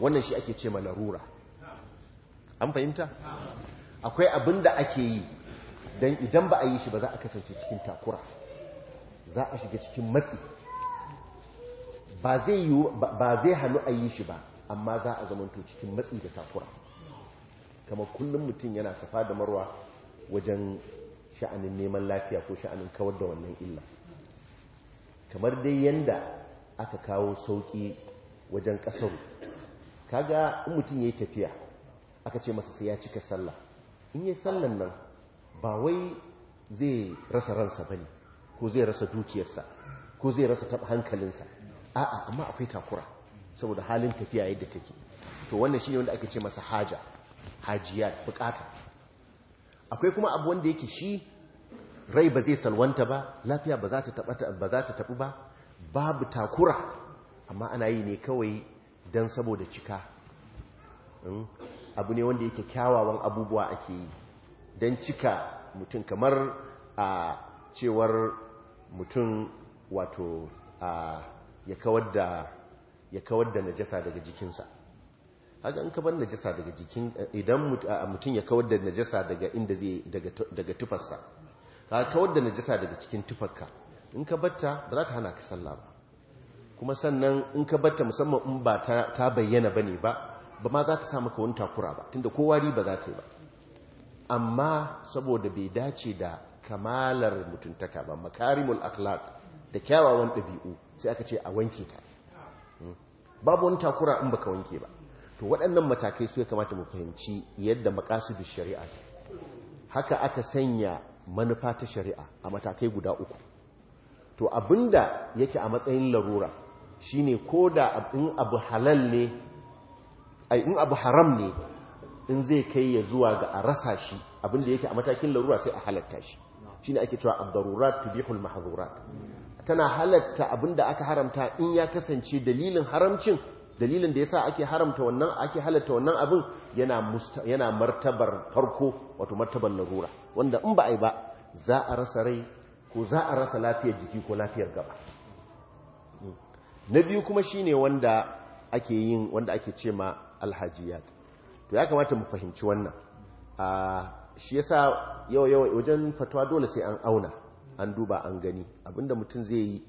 wannan shi ake ce larura an fahimta akwai abin da ake yi don idan ba a yi shi ba za a kasance cikin takura za a shiga cikin matsi ba zai hannu a yi shi ba amma za a zamanto cikin matsi da takura kamar kullum mutum yana safa da marwa wajen sha'anin neman lafiya ko sha'anin kawar da wannan illa kamar dai yanda aka kawo sauƙi wajen ƙasar kaga in mutum ya yi tafiya aka ce masa sai ya cika sallah in yi sallan nan ba wai zai rasa ransa ba ne ko zai rasa dukiyarsa ko zai rasa taɓa hankalinsa a'a amma akwai takura saboda halin tafiya yadda take to wannan shine wanda ake ce masa haja hajiya bukata akwai kuma abu wanda yake shi rai ba zai salwanta ba lafiya ba za ta ba ba babu takura amma ana yi ne kawai dan saboda cika hmm? abu ne wanda yake kyawawan abubuwa ake yi dan cika mutum kamar a cewar mutum wato ya kawar da ya kawar da najasa daga jikinsa haka in ka najasa daga jikin idan mutum ya kawar da najasa daga inda zai daga tufarsa ka kawar da najasa daga cikin tufarka in ka batta ba za ta hana ka sallah ba kuma sannan in ka batta musamman in ba ta bayyana ba ne ba ba ma za ta sa maka wani takura ba tunda kowa ba za ta yi ba amma saboda bai dace da kamalar mutuntaka ba makarimul akhlaq da kyawawan ɗabi'u sai aka ce a wanke ta babu wani takura in baka wanke ba to waɗannan matakai su ya kamata mu fahimci yadda makasudu shari'a haka aka sanya manufa ta shari'a a matakai guda uku to abinda yake a matsayin larura shine ko da in abu halal ne ai in abu haram ne in zai kai ya zuwa ga a rasa shi abinda yake a matakin larura sai a halatta shi shine ake cewa ad-darurat tubihul mahdhurat tana halatta abin da aka haramta in ya kasance dalilin haramcin dalilin da yasa ake haramta wannan ake halatta wannan abin yana martabar farko wato martabar larura wanda in ba a yi ba za a rasa rai ko za a rasa lafiyar jiki ko lafiyar gaba na biyu kuma shine wanda ake yin wanda ake ce ma alhajiyat to ya kamata mu fahimci wannan a ah, shi yasa yau yau wajen fatwa dole sai an auna an duba an gani abinda mutum zai yi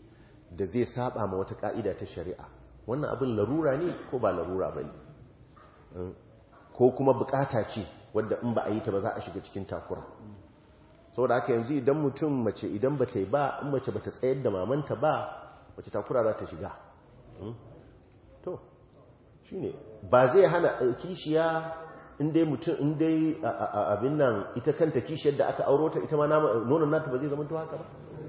da zai saba ma wata ka'ida ta shari'a wannan abin larura ne ko ba larura ba ne hmm? ko kuma bukata ce wadda in ba a yi ta ba za a shiga cikin takura saboda haka yanzu idan mutum mace idan ba ta yi ba in mace ba ta tsayar da mamanta ba wace takura za ta shiga hmm? to shi ba zai hana eh, kishiya in dai mutum in dai abin nan ita kanta kishiyar da aka auro ta ita ma nonon nata ba zai zama to haka ba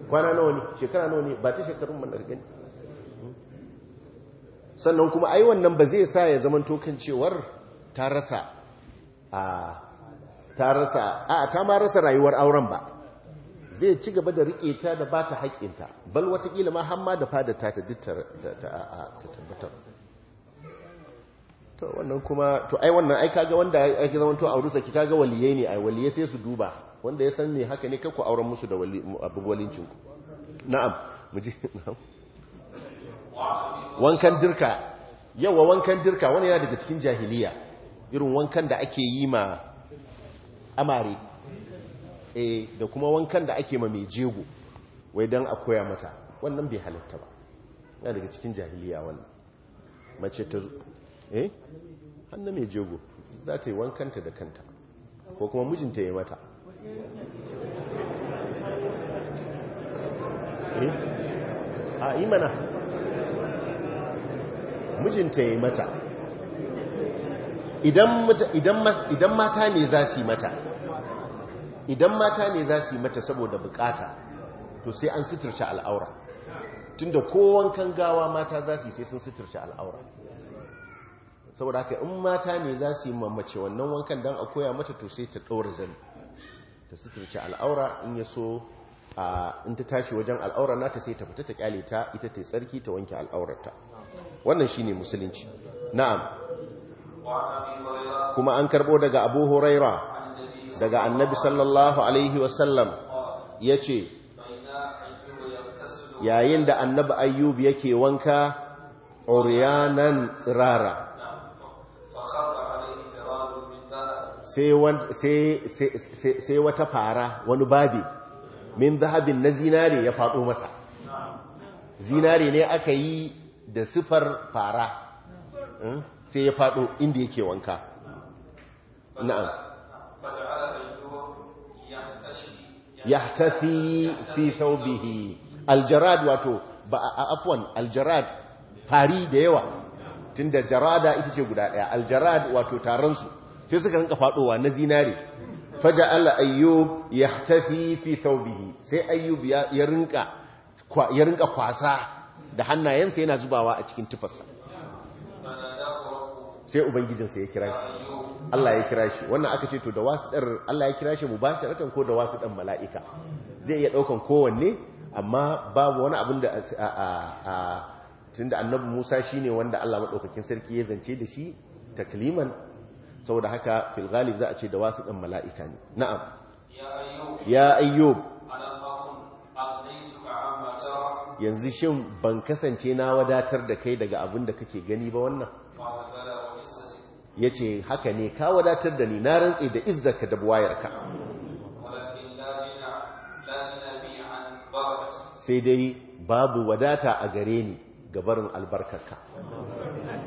kwana nawa ne shekara nawa ne ba ta shekarun man gani sannan kuma ai wannan ba zai sa ya zama kan cewar ta rasa a ta rasa a ta ma rasa rayuwar auren ba zai ci gaba da rike ta da ba ta haƙƙinta bal watakila ma hamma da fada ta ta ta tabbatar to wannan kuma to ai wannan ai kaga wanda ai ga zamanto aure saki kaga waliyai ne ai waliyai sai su duba wanda ya san ne haka ne ku auren musu da abin walincin ku na'am mu ji na'am wankan dirka yawa wankan dirka wani yana daga cikin jahiliya irin wankan da ake yi ma amare eh da kuma wankan da ake ma mai jego wai dan a koya mata wannan bai halatta ba yana daga cikin jahiliya wannan mace ta eh hannu mai jego za ta yi wankanta da kanta ko kuma mijinta ya mata eh? a imana mijinta ya mata idan mata ne za su yi mata idan mata ne za su yi mata saboda bukata to sai an suturce al'aura tunda kan gawa mata za su yi sai sun suturce al'aura saboda haka in mata ne za su yi mamace wannan wankan don a koya mata to sai ta ɗaura zani ta suturce al'aura in ya so in ta tashi wajen al'aura nata sai ta fita ta kyale ta ita ta tsarki ta wanke al'aurarta wannan shi ne musulunci na'am kuma an karɓo daga Abu Huraira daga Annabi sallallahu alaihi wasallam yace yayin da Annabi Ayyub yake wanka uryanan tsirara sai wata fara wani babi min zahabin na zinare ya faɗo masa zinare ne aka yi da sifar fara hmm, sai ya faɗo inda yake wanka na'am tafi fi saubihi aljarad wato ba a afwan aljarad fari da yawa tunda jarada ita ce guda daya aljarad wato taron su sai suka rinka fadowa na zinare ala ayyub yahtafi fi thawbihi sai ayyub ya rinka ya rinka kwasa da hannayensa yana zubawa a cikin tufarsa sai ubangijinsa ya kira shi Allah ya kira shi wannan aka ce to da wasu ɗan Allah ya kira shi mu mubasharatan ko da wasu ɗan mala'ika zai iya ɗaukan kowanne amma babu wani abin da a annabi musa shine wanda Allah maɗaukakin sarki ya zance da shi takliman saboda haka fil ghalib za a ce da wasu ɗin mala'ika ne na'am ya ayyub yanzu shin ban kasance na wadatar da kai daga abin da kake gani ba wannan ya ce haka ne ka wadatar da ni na rantse da izzaka da buwayarka sai dai babu wadata a gare ni gabarin albarkarka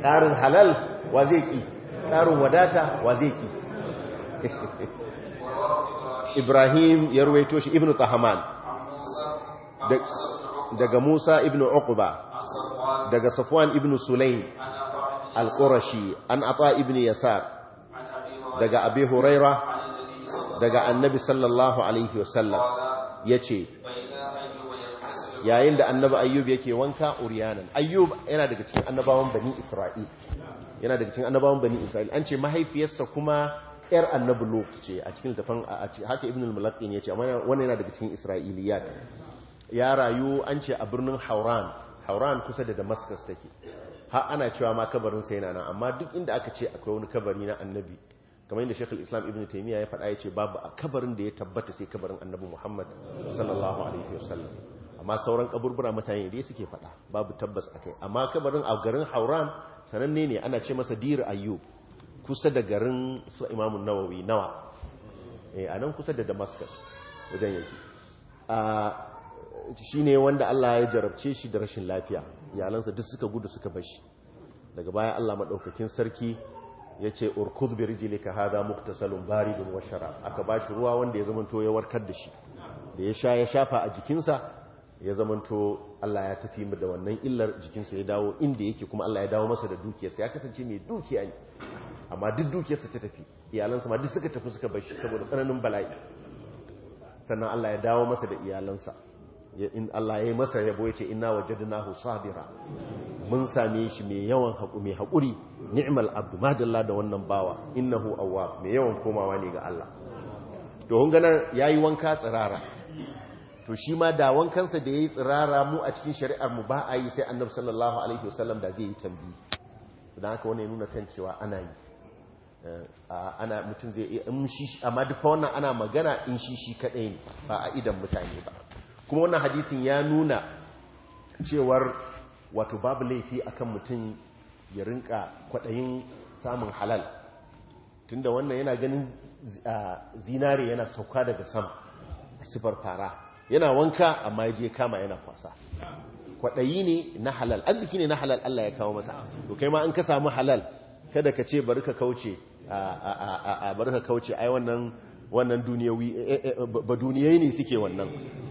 ƙarin halal wa zai ƙi ƙarin wadata wa zai ibrahim ya ruwaito shi ibn tahaman daga musa ibn uqba daga safwan ibn sulaim al-qurashi an ata ibn yasar daga abi huraira daga annabi sallallahu alaihi wasallam yace yayin da annabi ayyub yake wanka uriyanan ayyub yana daga cikin annabawan bani isra'il yana daga cikin annabawan bani isra'il an ce mahaifiyarsa kuma yar annabi lot ce a cikin ce haka ibn al-mulaqin ce amma wannan yana daga cikin isra'iliyat ya rayu an ce a birnin hauran hauran kusa da damascus take har ana cewa ma kabarin sa yana nan amma duk inda aka ce akwai wani kabari na annabi kamar yadda shekul islam ibn taimiyya ya faɗa ya ce babu a kabarin da ya tabbata sai kabarin annabi muhammad sallallahu alaihi wasallam amma sauran kaburbura mutane dai suke faɗa babu tabbas a kai amma kabarin a garin hauran sananne ne ana ce masa dir ayyub kusa da garin su imamun nawawi nawa eh, a nan kusa da damascus wajen yake shi ne wanda allah ya jarabce shi da rashin lafiya iyalansa duk suka gudu suka bashi daga baya allah maɗaukakin sarki ya ce urkud bi ka hadha muktasalun bari wa washara aka bashi ruwa wanda ya zama to ya warkar da shi da ya sha ya shafa a jikinsa ya zamanto Allah ya tafi mu da wannan illar jikinsa ya dawo inda yake kuma Allah ya dawo masa da dukiyarsa ya kasance mai dukiya ne amma duk dukiyarsa ta tafi iyalansa ma duk suka tafi suka bar shi saboda tsananin bala'i sannan Allah ya dawo masa da iyalansa in Allah ya yi masa yabo ya ce inna wajadnahu sabira mun same shi mai yawan haƙuri mai haƙuri ni'mal abdu madalla da wannan bawa innahu awwab mai yawan komawa ne ga Allah to hun ga nan yayi wanka tsirara to shi ma da wankansa da ya yi tsirara mu a cikin shari'ar mu ba a yi sai annabi sallallahu alaihi wasallam da zai yi tambi don haka wani nuna kan cewa ana yi eh, ana mutum zai iya amshi amma duk wannan ana magana in shi shi kadai ne ba a idan mutane ba kuma wannan hadisin ya nuna cewar wato babu laifi akan mutum ya rinka kwaɗayin samun halal tunda wannan yana ganin ah, zinare yana sauka daga sama a sifar fara yana wanka amma ya je kama yana kwasa kwaɗayi ne na halal arziki ne na halal Allah ya kawo masa to kai ma an ka samu halal kada ka ce bari ka kauce a bari ka kauce ai wannan wannan duniyawi eh, eh, eh, ba duniyai ne suke wannan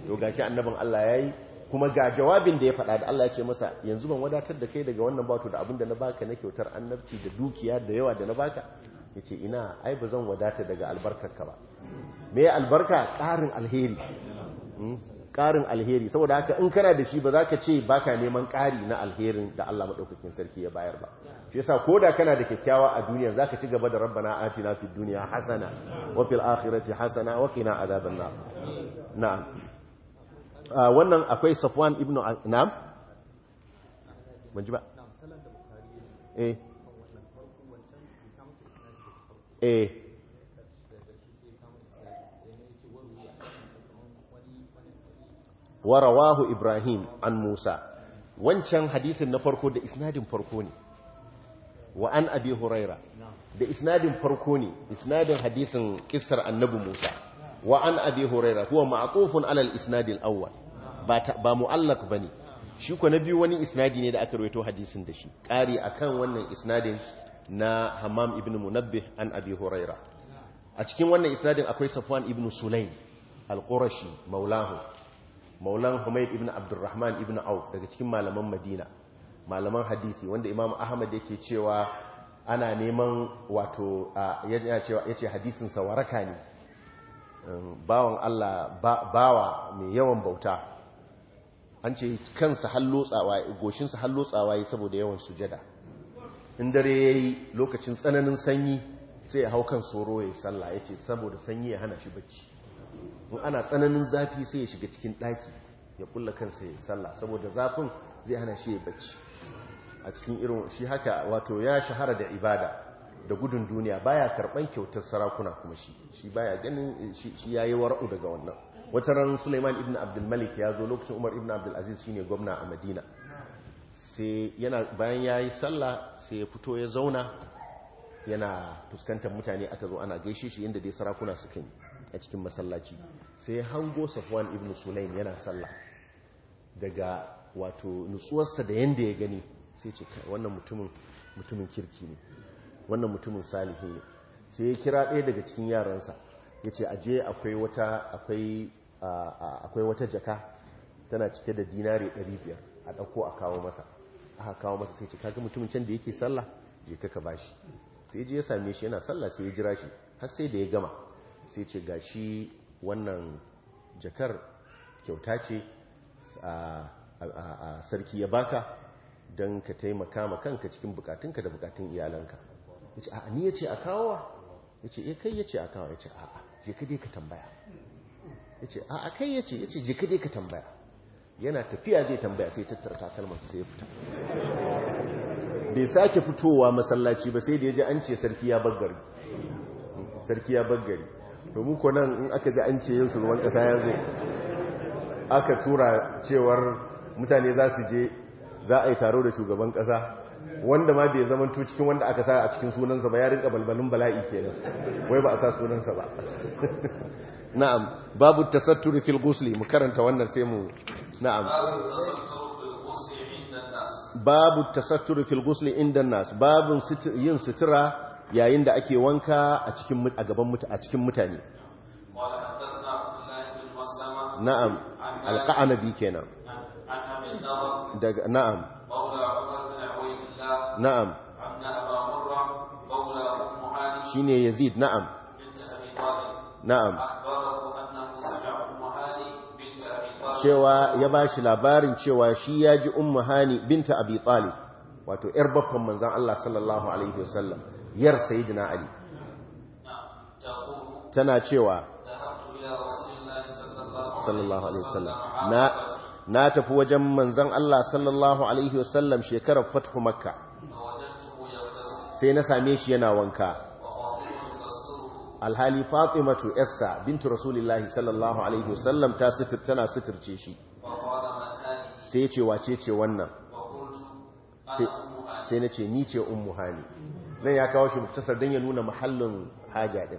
to gashi annabin Allah yayi kuma ga jawabin da ya faɗa da Allah ya ce masa yanzu ban wadatar da kai daga wannan bato da abin da na baka na kyautar annabci da dukiya da yawa da na baka yace ina ai ba zan wadata daga albarkar ka ba me albarka ƙarin alheri ƙarin alheri saboda haka in kana da shi ba za ka ce ba ka neman ƙari na alherin da Allah maɗaukakin sarki ya bayar ba shi yasa ko da kana da kyakkyawa a duniya za ka ci gaba da rabbana na fi duniya hasana wa fil akhirati hasana wa qina adhaban nar na'am wannan akwai Safwan ibn Na'am mun ji ba eh eh wa rawahu ibrahim an musa wancan hadisin na farko da isnadin farko ne wa an abi huraira da isnadin farko ne isnadin hadisin kissar annabi musa wa an abi huraira huwa ma'tufun ala al awwal ba ba mu'allaq bane shi ko na biyu wani isnadi ne da aka rawaito hadisin da shi kari akan wannan isnadin na Hammam ibn Munabbih an Abi Huraira a cikin wannan isnadin akwai Safwan ibn Sulaym al-Qurashi maulahu maulan humayd ibn abdurrahman ibn auf daga cikin malaman madina malaman hadisi wanda imam ahmad yake cewa ana neman wato yana cewa yace hadisin sa waraka ne um, bawan Allah bawa mai yawan bauta an ce kansa hallotsawa goshinsa hallotsawa saboda yawan sujada in dare yi lokacin tsananin sanyi sai ya hau kan soro ya sallah yace saboda sanyi ya hana shi bacci in ana tsananin zafi sai ya shiga cikin ɗaki ya kulla kansa ya sallah saboda zafin zai hana shi ya bacci a cikin irin shi haka wato ya shahara da ibada da gudun duniya baya karban kyautar sarakuna kuma shi shi baya ganin shi yayi wara'u daga wannan wata ran Sulaiman ibn Abdul ya zo lokacin Umar ibn Abdulaziz Aziz shine gwamna a Madina sai yana bayan yayi sallah sai ya fito ya zauna yana fuskantar mutane aka zo ana gaishe shi inda dai sarakuna suka yi a cikin masallaci sai ya hango safwan ibn sulaim yana sallah daga wato nutsuwarsa da yanda ya gani sai ce wannan mutumin kirki ne wannan mutumin salihi ne sai ya kira ɗaya daga cikin yaransa ya ce aje akwai wata akwai wata jaka tana cike da dinari 500 a ɗauko a kawo masa aka kawo masa sai ce kaga mutumin can da yake sallah je ka ka bashi sai je ya same shi yana sallah sai ya jira shi har sai da ya gama sai ce ga shi wannan jakar kyauta ce a sarki ya baka don ka taimaka ma kanka cikin bukatunka da bukatun iyalanka ya ce a ni ya ce a kawowa ya ce eh, kai ya ce a kawowa ya ce a a je ka dai ka tambaya ya ce a a kai ya ce ya ce je ka dai ka tambaya yana tafiya zai tambaya sai tattara takalmansa sai ya fita bai sake fitowa masallaci ba sai da ya ji an ce sarki ya baggari sarki ya baggari domin ko nan in aka ji an ce yin shugaban kasa ya zo aka tura cewar mutane za su je za a yi taro da shugaban kasa wanda ma bai zama to cikin wanda aka sa a cikin sunansa ba ya rinka balbalin bala'i kenan wai ba a sa sunansa ba na'am babu tasattur fil ghusli mu karanta wannan sai mu na'am babu tasattur fil ghusli inda nas babu yin sutura yayin da ake wanka a cikin a gaban a cikin mutane na'am biyu kenan daga na'am na'am shine yazid na'am na'am cewa ya ba shi labarin cewa shi ya ji ummu hani binta abi talib wato yar babban manzon Allah sallallahu alaihi wasallam yar sayyidina ali tana cewa sallallahu alaihi wasallam na na tafi wajen manzon Allah sallallahu alaihi wasallam shekarar fathu makka sai na same shi yana wanka alhali fatimatu yassa bintu rasulillahi sallallahu alaihi wasallam ta sitir tana sitirce shi sai ya ce wace ce wannan sai na ce ni ce ummu nan ya kawo shi muktasar don ya nuna mahallin haja din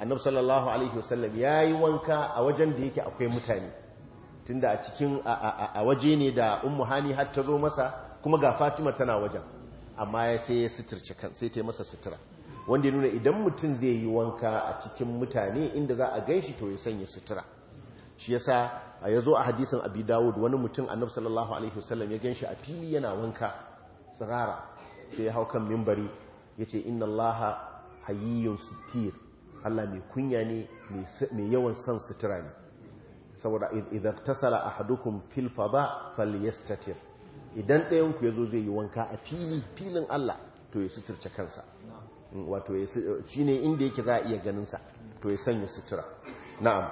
annabi sallallahu alaihi wasallam yayi wanka a wajen da yake akwai mutane tunda a cikin a waje ne da ummu hani har ta zo masa kuma ga fatima tana wajen amma ya sai ya suturce kan sai ta masa sutura wanda ya nuna idan mutum zai yi wanka a cikin mutane inda za a ganshi to ya sanya sutura shi yasa ya zo a hadisin abi dawud wani mutum annabi sallallahu alaihi wasallam ya ganshi a fili yana wanka tsirara sai ya hau kan mimbari Ya ce inna allaha hayiyun sitir Allah mai kunya ne mai yawan son sutura ne saboda idan tasala ahadukum fil fada falyastatir idan ɗayan ya zo zai yi wanka a fili filin Allah to ya suturce kansa wato ne inda yake za a iya ganinsa sa to ya sanya sutura na'am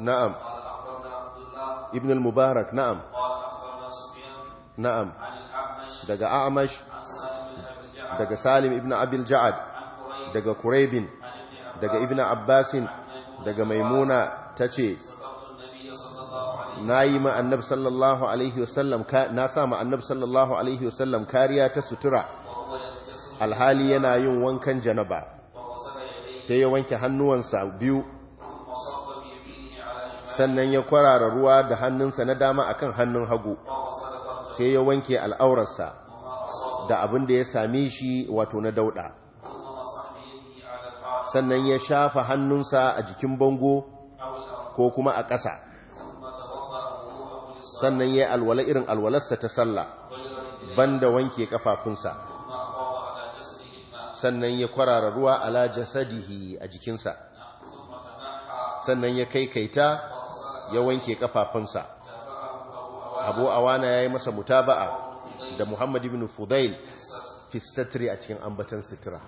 na'am ibn al-mubarak na'am na'am daga Amash daga Salim ibn Abil Ja'ad daga Kuraibin daga ibn Abbasin daga Maimuna tace nayi ma annab sallallahu alaihi wasallam na sa ma annab sallallahu alaihi wasallam kariya ta sutura alhali yana yin wankan janaba sai ya wanke hannuwansa biyu sannan ya kwarara ruwa da hannunsa na dama akan hannun hagu sai ya wanke al'aurarsa da abin da ya same shi wato na dauɗa sannan ya shafa hannunsa a jikin bango ko kuma a ƙasa sannan ya alwala irin alwalarsa ta sallah banda wanke kafafunsa sannan ya kwarara ruwa ala jasadihi a jikinsa sannan ya kai Kaita ya wanke kafafunsa abu awana ya yi masa mutaba'a da muhammad ibn fudail fi a cikin ambatan sitira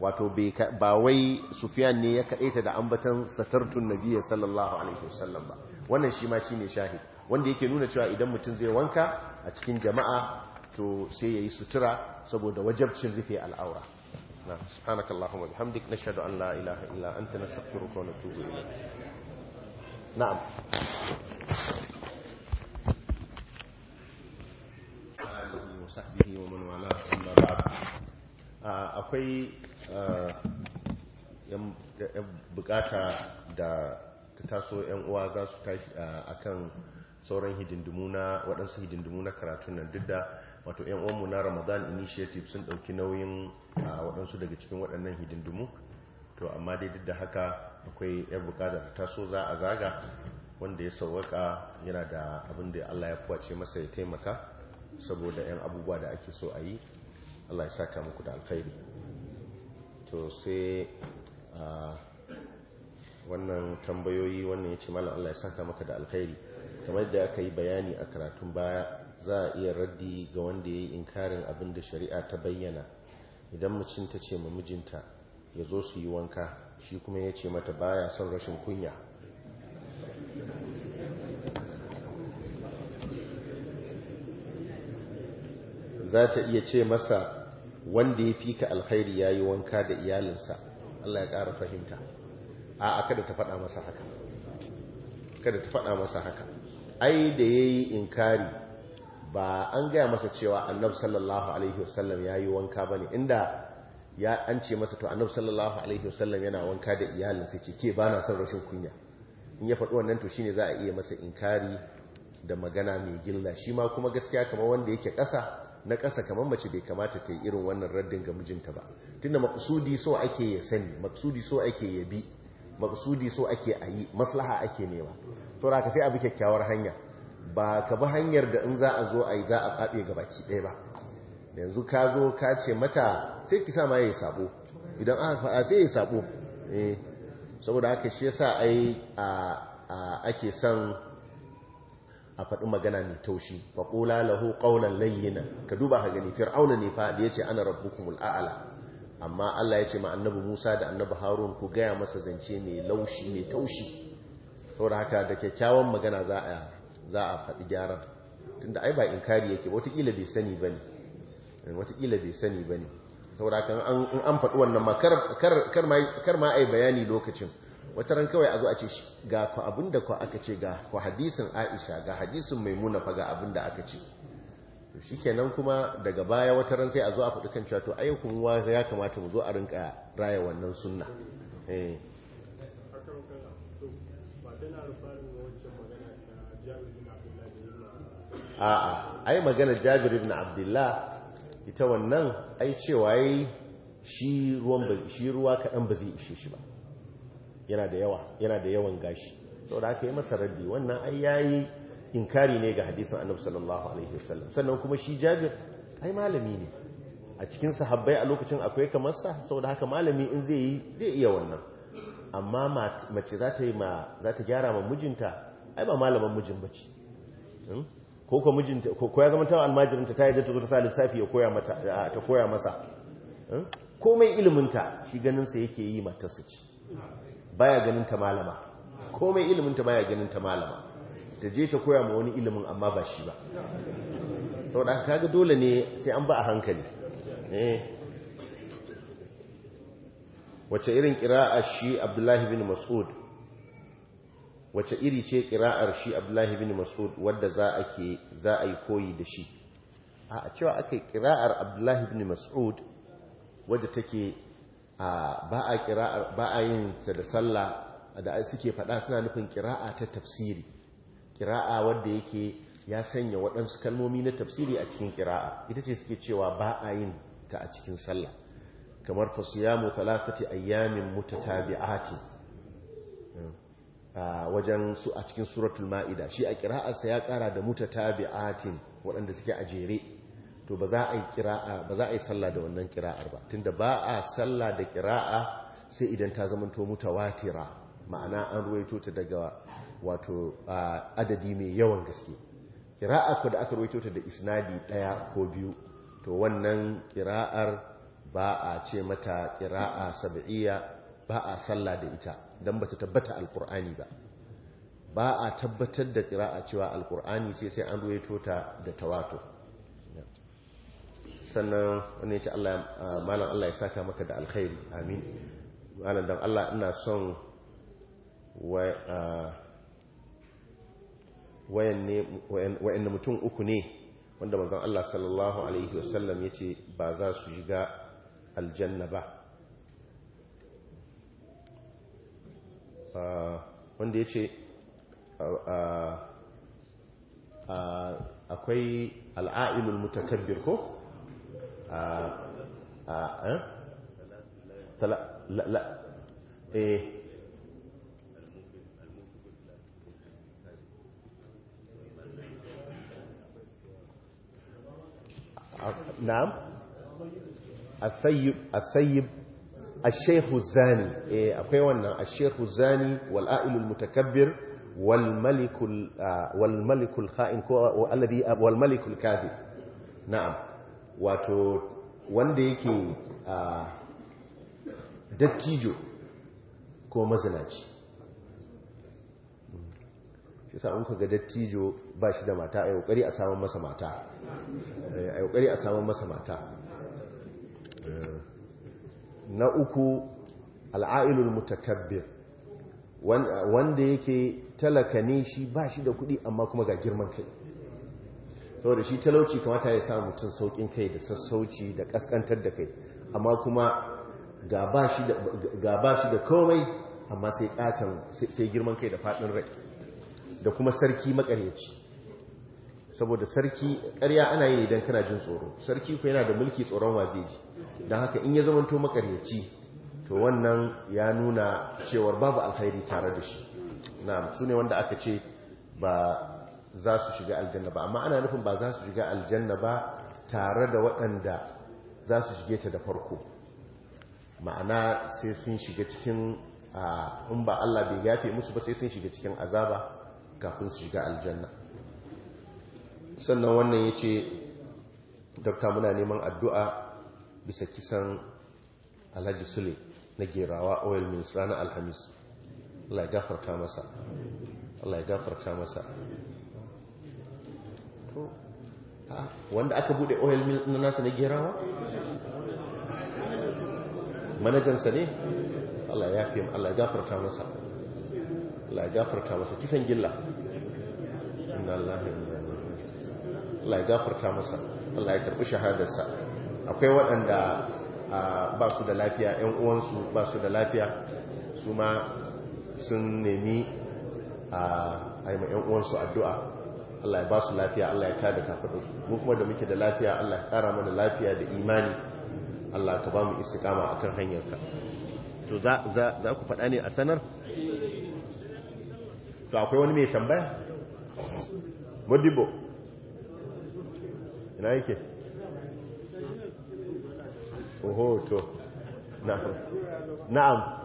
wato ba wai sufiyan ne ya kaɗaita da ambatan satartun nabiya sallallahu alaihi wasallam ba wannan shi ma shi ne shahid wanda yake nuna cewa idan mutum zai wanka a cikin jama'a to sai ya yi sutura saboda wajabcin rufe al'aura na bihamdik nashhadu an la ilaha illa anta nastaghfiruka wa natubu ilayk na'am wa man wala amma ba'd akwai bukata da ta taso yan uwa za su tashi akan sauran hidindimu na waɗansu hidindimu na karatun nan duk da wato yan uwanmu na ramadan initiative sun ɗauki nauyin waɗansu daga cikin waɗannan hidindimu to amma dai duk da haka akwai yan bukata da taso za a zaga wanda ya sauwaka yana da abin da allah ya kwace masa ya taimaka saboda yan abubuwa da ake so a yi Allah ya saka muku da alkhairi to sai wannan tambayoyi wannan ya ce malam Allah ya saka maka da alkhairi kamar da aka yi bayani a karatun baya za a iya raddi ga wanda ya yi inkarin abin da shari'a ta bayyana idan mucin ta ce ma mijinta ya zo su yi wanka shi kuma ya ce mata baya son rashin kunya za ta iya ce masa wanda ya fi ka alkhairi ya yi wanka da iyalinsa Allah ya ƙara fahimta a kada ta faɗa masa haka kada ta faɗa masa haka ai da ya yi inkari ba an gaya masa cewa annab sallallahu alaihi wasallam ya yi wanka ba ne inda ya an ce masa to annab sallallahu alaihi wasallam yana wanka da iyalinsa ce ke ba na son rashin kunya in ya faɗi wannan to shi ne za a iya masa inkari da magana mai gilla shi ma kuma gaskiya kamar wanda yake ƙasa na ƙasa kamar mace bai kamata ta yi irin wannan raddin ga mijinta ba tunda maksudi so ake ya sani maksudi so ake ya bi maksudi so ake a yi maslaha ake nema to da ka sai abu kyakkyawar hanya ba ka bi hanyar da in za a zo a yi za a faɗe ga baki ɗaya ba yanzu ka zo ka ce mata sai ki sa ma ya yi sabo idan aka faɗa sai ya yi sabo eh, saboda haka shi yasa ai ake son a faɗi magana mai taushi ba qula lahu ƙaunan layyina ka duba ha gani fir'auna ne fa da ce ana rabbukumul a'la amma Allah ya ce ma annabi Musa da annabi Harun ku gaya masa zance mai laushi mai taushi Sau da haka da kyakkyawan magana za a za a faɗi gyaran tunda ai ba inkari yake watakila bai sani ne eh, watakila bai sani sau da haka in an faɗi wannan ma kar ma ai bayani lokacin wata ran kawai a zo a ce ga ku abin da ku aka ce ga ku hadisin aisha ga hadisin maimuna fa ga abin da aka ce to shikenan kuma daga baya wata ran sai a zo a faɗi kan cewa to ai kun wa ya kamata mu zo a rinka raya wannan sunna eh a'a ai magana Jabir ibn Abdullah ita wannan ai cewa yi shi ruwa kaɗan ba zai ishe shi ba yana da yawan gashi saboda haka yi masa raddi wannan ai yayi inkari ne ga hadisin annabu sallallahu alaihi wasallam sannan kuma shi jabir ai malami ne a cikin sahabbai a lokacin akwai kamarsa, sa saboda haka malami in zai yi zai iya wannan amma mace za ta yi ma za ta gyara ma mijinta ai ba malaman mijin ce hmm? ko ko mijinta ko ya zama ta almajirinta ta yi da ta zo sa lissafi ya koya mata ta koya masa hmm? komai iliminta shi ganin sa yake yi matarsa ce baya ganin ta malama komai ilimin ta baya ganin ta malama ta je ta koya ma wani ilimin amma ba shi ba da kaga dole ne sai an ba a hankali eh. wace irin kira'a shi abdullahi bin mas'ud wace iri ce kira'ar shi abdullahi bin mas'ud wadda za a ke za a yi koyi da shi a cewa aka kira'ar abdullahi bin mas'ud wadda take ba a yin sa da sallah da suke faɗa suna nufin kira'a ta tafsiri kira'a wadda yake ya sanya waɗansu kalmomi na tafsiri a cikin kira'a ita ce suke cewa ba a yin ta a cikin sallah kamar fasiyamu talafati ayyamin mutatabi'ati a wajen su a cikin suratul ma'ida shi a kira'arsa ya kara da mutatabi'atin waɗanda suke a jere to ba za a yi kira'a ba za a yi sallah da wannan kira'ar ba tunda ba a sallah da kira'a sai idan ta zama zamanto watira ma'ana an ruwaito ta daga wato adadi mai yawan gaske kira'a ko da aka ruwaito ta da isnadi daya ko biyu to wannan kira'ar ba a ce mata kira'a sab'iyya ba a sallah da ita dan ta tabbata alqur'ani ba ba a tabbatar da kira'a cewa alqur'ani ce sai an ruwaito ta da tawatur sannan wani ce Allah malam Allah ya saka maka da alkhairi amin malam dan Allah ina son wayanne mutum uku ne wanda manzon Allah sallallahu alaihi wasallam yace ba za su shiga aljanna ba wanda yace akwai al'ailul mutakabbir ko a eh نعم الثيب الثيب الشيخ الزاني akwai wannan الشيخ الزاني والآئل المتكبر والملك والملك الخائن والذي والملك الكاذب نعم wato wanda yake a dattijo ko mazinaci shi sa'un an ga dattijo ba shi da mata a yaukari a samun masa mata eh, a yaukari a samun masa mata eh, na uku al'ailun mutakabbir wanda yake talaka ne shi ba shi da kudi amma kuma ga girman kai saboda shi talauci kamata ya sa mutum saukin kai da sassauci da kaskantar da kai amma kuma ga ba shi da komai amma sai katon sai girman kai da fadin rai da kuma sarki makaryaci saboda sarki karya ana yi idan kana jin tsoro sarki ku yana da mulki tsoron wazeji don haka in ya zamanto makaryaci to wannan ya nuna cewar babu alkhairi tare da shi na su ne wanda aka ce ba za su shiga aljanna ba amma ana nufin ba za su shiga aljanna ba tare da waɗanda za su shige ta da farko ma'ana sai sun shiga cikin in ba Allah bai yafe musu ba sai sun shiga cikin azaba kafin su shiga aljanna sannan wannan yace ce dokta muna neman addu'a bisa kisan alhaji sule na gerawa oil mills ranar alhamis Allah ya gafarta masa Allah ya gafarta masa wanda aka bude oil mill na nasa na gerawa manajansa ne Allah ya fi Allah ya gafarta masa Allah ya gafarta masa kisan gilla inna lillahi wa inna ilaihi Allah ya gafarta masa Allah ya karbi shahadarsa akwai waɗanda ba su da lafiya ƴan uwansu ba su da lafiya su ma sun nemi a aima ƴan uwansu addu'a Allah ya ba su lafiya Allah ya kada kafadarsu mu kuma da muke da lafiya Allah ya kara mana lafiya da imani Allah ka ba mu istiqama akan hanyarka to za za za ku faɗa ne a sanar to akwai wani mai tambaya modibo ina yake oho to na'am na'am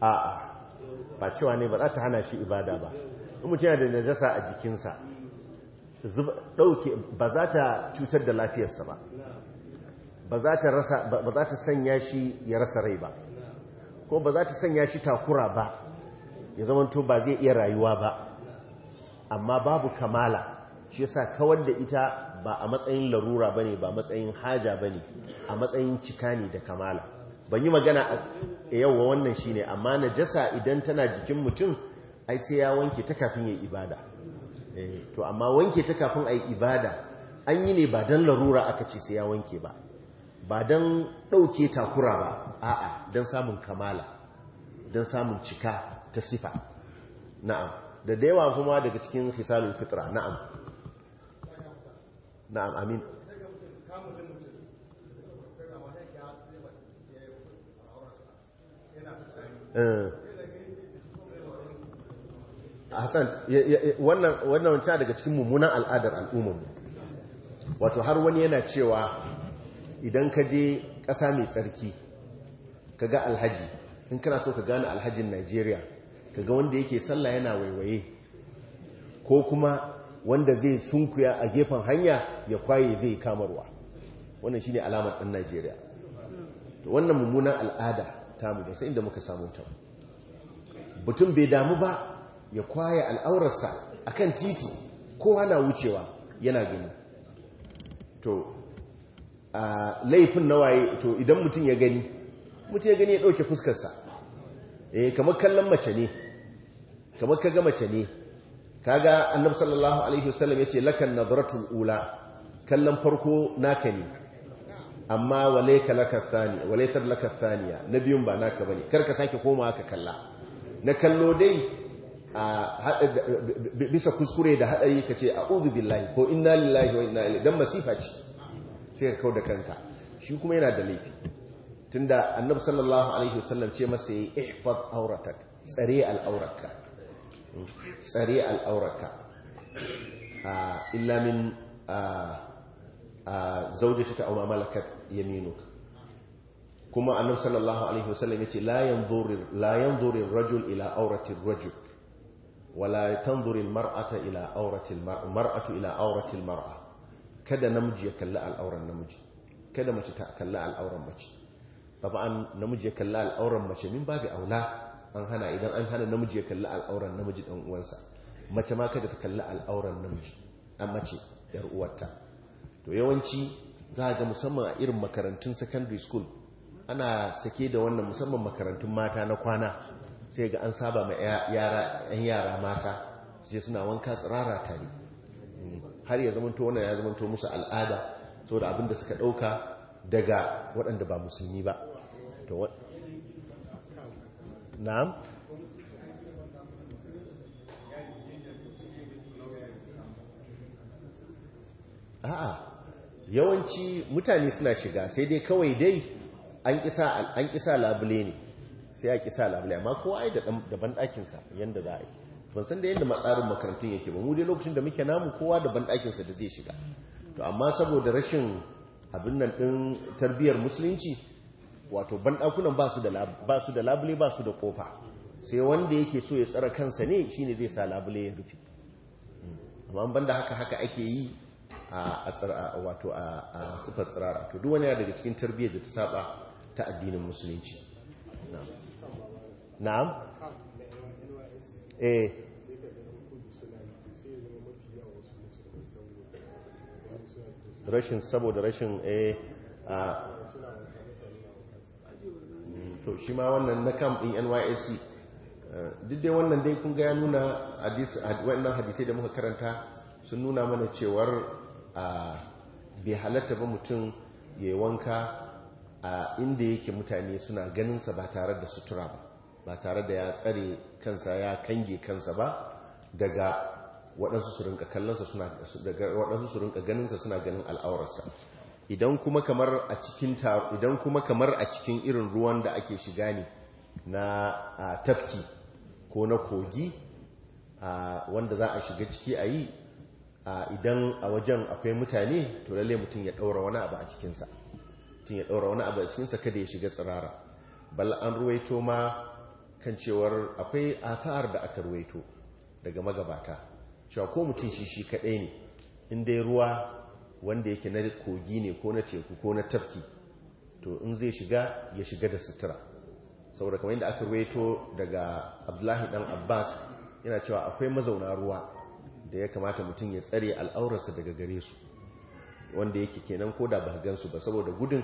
a'a ba cewa ne ba za ta hana shi ibada ba in mutum yana da najasa a jikinsa ba za ta cutar da lafiyarsa ba ba za ta sanya shi ya rasa rai ba ko ba za ta sanya shi takura ba ya zamanto ba zai iya rayuwa ba amma babu kamala shi yasa kawar da ita ba a matsayin larura ba ne, ba matsayin haja ba ne, a matsayin cika ne da kamala ban yi magana a eh, yauwa wannan shi ne amma na jasa idan tana jikin mutum ai sai ya wanke ta kafin ya ibada eh, to amma wanke ta kafin a yi ibada an yi ne ba don larura aka ce sai ya wanke ba ba don ɗauke takura ba a'a don samun kamala don samun cika ta sifa na'am da daewa kuma daga cikin hisalul fitra na'am na'am amin Eh. hassan wannan wancan daga cikin mummunan al'adar al'ummar wato har wani yana cewa idan ka je ƙasa mai tsarki ka ga alhaji in kana so ka gane alhajin najeriya ka ga wanda yake sallah yana waiwaye ko kuma wanda zai sunkuya a gefen hanya ya kwaye zai kamarwa wannan shi ne alamar ɗan najeriya wannan mummunan al'ada tamu da sai inda muka samu ta mutum bai damu ba ya kwaya al'aurarsa a kan titi kowa na wucewa yana gani to a laifin nawaye to idan mutum ya gani mutum ya gani ya ɗauke fuskarsa eh kamar kallon mace ne kamar kaga mace ne kaga annabi sallallahu alaihi wasallam yace lakan nadratul ula kallon farko naka ne amma wale-ka walaysa laka saniya na biyun ba naka bane karka sake koma ka kalla na kallo dai a bisa kuskure da hadari kace a'udhu billahi ko inna lillahi wa inna ilaihi dan masifa ce sai ka da kanka shi kuma yana da laifi tunda annabi sallallahu alaihi wasallam ce masa yi ihfaz auratak tsare al'auraka tsare al'auraka illa min zaujatuka aw ma malakat yaminuka kuma annabi sallallahu alaihi wasallam yace la yanzuru la yanzuru ar-rajul ila awrati ar-rajul wala tanzuru al-mar'ata ila awrati al-mar'atu ila awrati al-mar'a kada namiji ya kalli al'auran namiji kada mace ta kalli al'auran mace taba'an namiji ya kalli al'auran mace min babu aula an hana idan an hana namiji ya kalli al'auran namiji dan uwansa mace ma kada ta kalli al'auran namiji an mace yar uwarta to yawanci za a ga musamman a irin makarantun secondary school ana sake da wannan musamman makarantun mata na kwana sai ga an saba ma yan yara mata sai suna wanka tsirara tare har ya zamanto wannan ya zamanto musu al'ada saboda abinda suka ɗauka daga waɗanda ba musulmi ba a'a yawanci mutane suna shiga sai dai kawai dai an kisa labule ne sai a kisa labule amma kowa ai da banɗakinsa yadda za a ban san da yanda matsarin makarantun yake ba mu dai lokacin da muke namu kowa da banɗakinsa da zai shiga to amma saboda rashin abin nan ɗin tarbiyar musulunci wato banɗakunan ba su da labule ba su da kofa sai wanda yake so ya tsara kansa ne shine zai sa labule ya rufe hmm. amma ban da haka haka ake yi a tsara wato a sifar tsirara to duk wani daga cikin tarbiyyar da ta saba ta addinin musulunci na'am eh rashin saboda rashin eh a to shi ma wannan na camp din NYSC eh, duk dai wannan dai kun ga ya nuna wannan hadisai da muka karanta sun nuna mana cewar bai halatta ba mutum ya wanka a inda yake mutane suna ganinsa ba tare da sutura ba ba tare da ya tsare kansa ya kange kansa ba daga waɗansu su rinka kallonsa suna daga waɗansu su rinka ganinsa suna ganin al'aurarsa idan kuma kamar a cikin idan kuma kamar a cikin irin ruwan da ake shiga ne na tafki ko na kogi wanda za a shiga ciki a yi idan a wajen akwai mutane to lalle mutum ya ɗaura wani abu a cikinsa mutum ya ɗaura wani abu a cikinsa kada ya shiga tsirara bal an ruwaito ma kan cewar akwai sa'ar da aka ruwaito daga magabata cewa ko mutum shi shi kaɗai ne in dai ruwa wanda yake na kogi ne ko na teku ko na tafki to in zai shiga ya shiga da sutura saboda kamar yadda aka ruwaito daga abdullahi dan abbas yana cewa akwai mazauna ruwa da ya kamata mutum ya tsare al'aurarsa daga gare su wanda yake kenan ko da ba su ba saboda gudun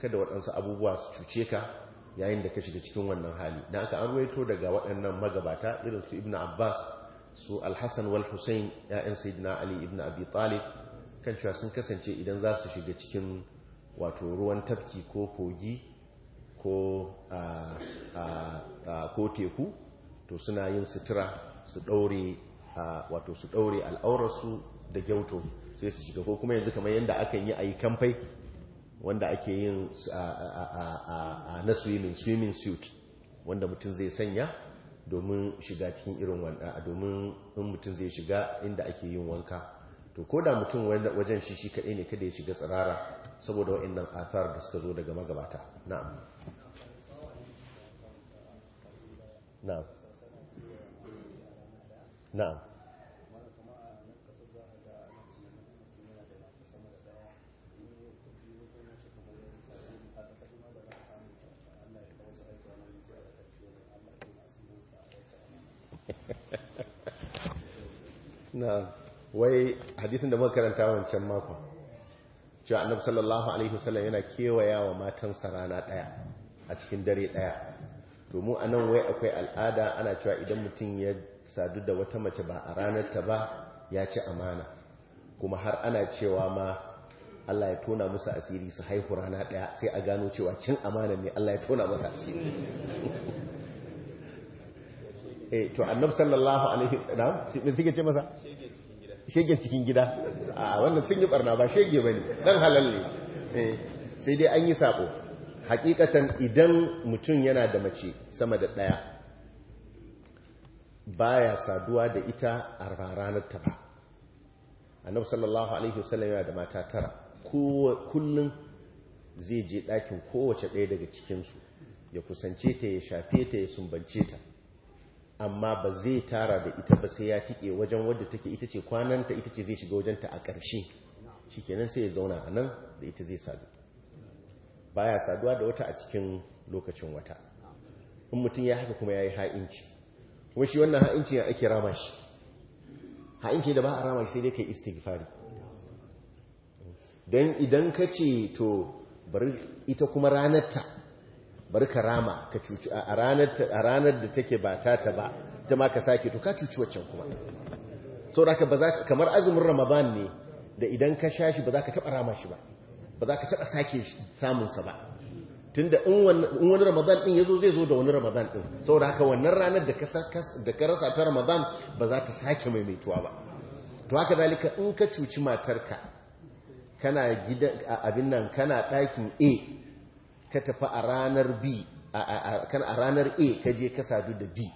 kada waɗansu abubuwa su cuce ka yayin da ka shiga cikin wannan hali da aka an ruwaito daga waɗannan magabata irin su ibn abbas su alhassan wal hussein ya'yan sayyidina ali ibn abi talib kan cewa sun kasance idan za su shiga cikin wato ruwan tafki ko kogi ko teku to suna yin sutura su ɗaure wato su ɗaure al'aurarsu da gyauto sai su shiga ko kuma yanzu kamar yadda aka yi a yi kamfai wanda ake yin na swimming swimming suit wanda mutum zai sanya domin shiga cikin irin wanda domin in mutum zai shiga inda ake yin wanka to ko da mutum wajen shi shi kaɗai ne kada ya shiga tsirara saboda waɗannan athar da suka zo daga magabata na'am na'am na'am na wai hadisin da muka karanta wancan makon cewa annabi sallallahu alaihi wasallam yana kewaya wa matansa rana daya a cikin dare daya domin mu anan wai akwai al'ada ana cewa idan mutum ya sadu da wata mace ba a ranar ta ba ya ci amana kuma har ana cewa ma Allah ya tona musu asiri su haihu rana daya sai a gano cewa cin amana ne Allah ya tona musu asiri eh to annabi sallallahu alaihi wasallam ne sike ce masa shege cikin gida a wannan sun yi barna ba shege bane dan halal ne eh sai dai an yi sako hakikatan idan mutum yana da mace sama da daya baya saduwa da ita a ranar ta ba annabi sallallahu alaihi wasallam yana da mata tara kullum zai je ɗakin kowace ɗaya daga cikinsu ya kusance ta ya shafe ta ya sumbance ta amma ba zai tara da ita ba sai ya tike wajen wadda take ita ce kwananta ita ce zai shiga ta a ƙarshe shikenan sai ya zauna a nan da ita zai sadu baya saduwa da wata a cikin lokacin wata in mutum ya haka kuma ya yi ha'inci kuma shi wannan ha'inci ya ake rama shi ha'inci da ba a rama shi sai dai kai istighfari don idan ka ce to bari ita kuma ranarta bari ka rama ka cuci a ranar da take ba ta ta ba ta ma ka sake to ka cuci waccan kuma da ka ba za kamar azumin ramadan ne da idan ka sha shi ba za ka taɓa rama shi ba ba za ka taɓa sake samunsa ba tunda in wani ramadan din ya zo zai zo da wani ramadan din saboda haka wannan ranar da ka rasa ta ramadan ba za ta sake maimaituwa ba to haka zalika in ka cuci matarka kana gida abin nan kana ɗakin A ka tafi a ranar B a ranar A ka je ka sadu da B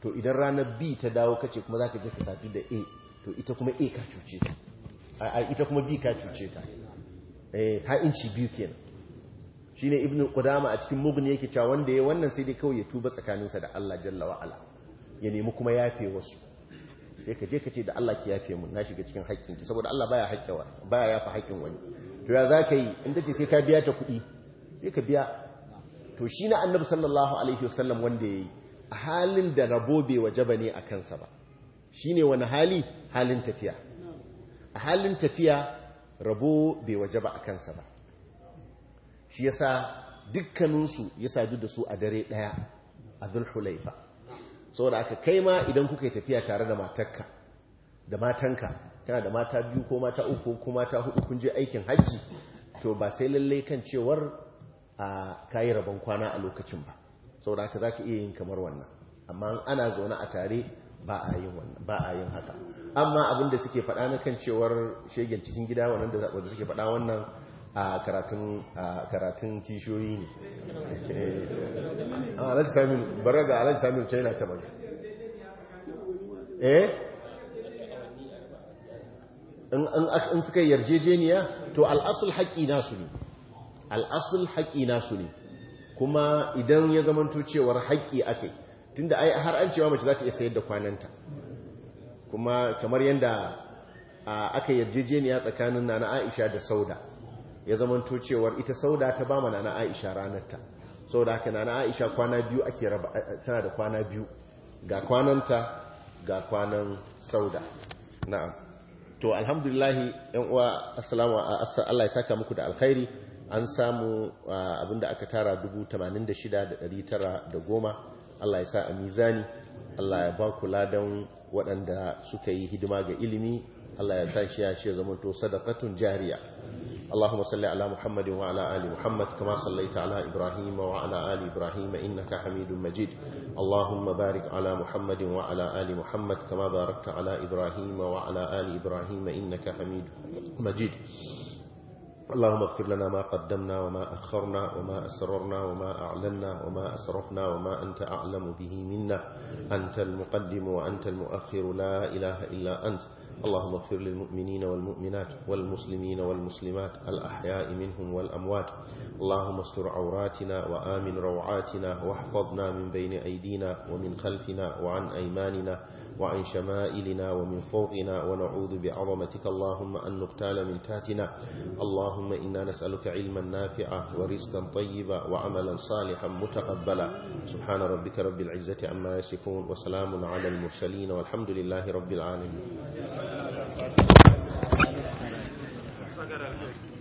to idan ranar B ta dawo ka ce kuma za ka je ka sadu da A to ita kuma A ka cuce ta ita kuma B ka cuce ta eh ha biyu kenan shine ibn qudama a cikin mugun yake cewa wanda ya wannan sai dai kawai ya tuba tsakaninsa da Allah jalla wa'ala ya nemi kuma yafe wasu sai ka je ka ce da Allah ki yafe mun na shiga cikin haƙƙin ki saboda Allah baya haƙƙewa baya yafa haƙƙin wani to ya ka yi in ce sai ka biya ta kuɗi sai ka biya to shi na annabi sallallahu alaihi wasallam wanda ya yi a halin da rabo bai waje ba ne a kansa ba shi ne wani hali halin tafiya a halin tafiya rabo bai waje ba a kansa ba shi yasa dukkaninsu ya sadu da su a dare ɗaya a zulhulaifa saboda aka kai ma idan kuka yi tafiya tare da matanka da matanka tana da mata biyu ko mata uku ko mata hudu kun je aikin hajji to ba sai lallai kan cewar a kayi rabon kwana a lokacin ba saboda za zaka iya yin kamar wannan amma ana zaune a tare ba a yin haka amma abin da suke faɗa na kan cewar shegen cikin gida wannan da suke faɗa wannan a karatun kishiyoyi ne eh. a ah, alhaji samun bari da alhaji samun china ta bane eh in suka yarjejeniya to al'asul haƙi nasu ne al'asul haƙi nasu ne kuma idan ya zamanto cewar haƙi ake tunda ai har an cewa mace za ta iya sayar da kwananta kuma kamar yadda aka yarjejeniya tsakanin na na aisha da sauda ya zamanto cewar ita sauda ta ba Nana aisha ranarta da haka Nana aisha kwana biyu ake raba tana da kwana biyu ga kwananta ga kwanan sauda na'am to alhamdulillah yan uwa assalamu Allah ya saka muku da alkhairi an samu abinda aka tara 86910 Allah ya sa a mizani Allah ya ba ku ladan waɗanda suka yi hidima ga ilimi الله يتنشي أشياء زمنتو صدقة جارية اللهم صل على محمد وعلى آل محمد كما صليت على إبراهيم وعلى آل إبراهيم إنك حميد مجيد اللهم بارك على محمد وعلى آل محمد كما باركت على إبراهيم وعلى آل إبراهيم إنك حميد مجيد اللهم اغفر لنا ما قدمنا وما أخرنا وما أسررنا وما أعلنا وما أسرفنا وما أنت أعلم به منا أنت المقدم وأنت المؤخر لا إله إلا أنت اللهم اغفر للمؤمنين والمؤمنات والمسلمين والمسلمات الأحياء منهم والأموات اللهم استر عوراتنا وآمن روعاتنا واحفظنا من بين أيدينا ومن خلفنا وعن أيماننا وعن شمائلنا ومن فوقنا ونعوذ بعظمتك اللهم أن نقتال من تاتنا اللهم إنا نسألك علما نافعا ورزقا طيبا وعملا صالحا متقبلا سبحان ربك رب العزة عما يصفون وسلام على المرسلين والحمد لله رب العالمين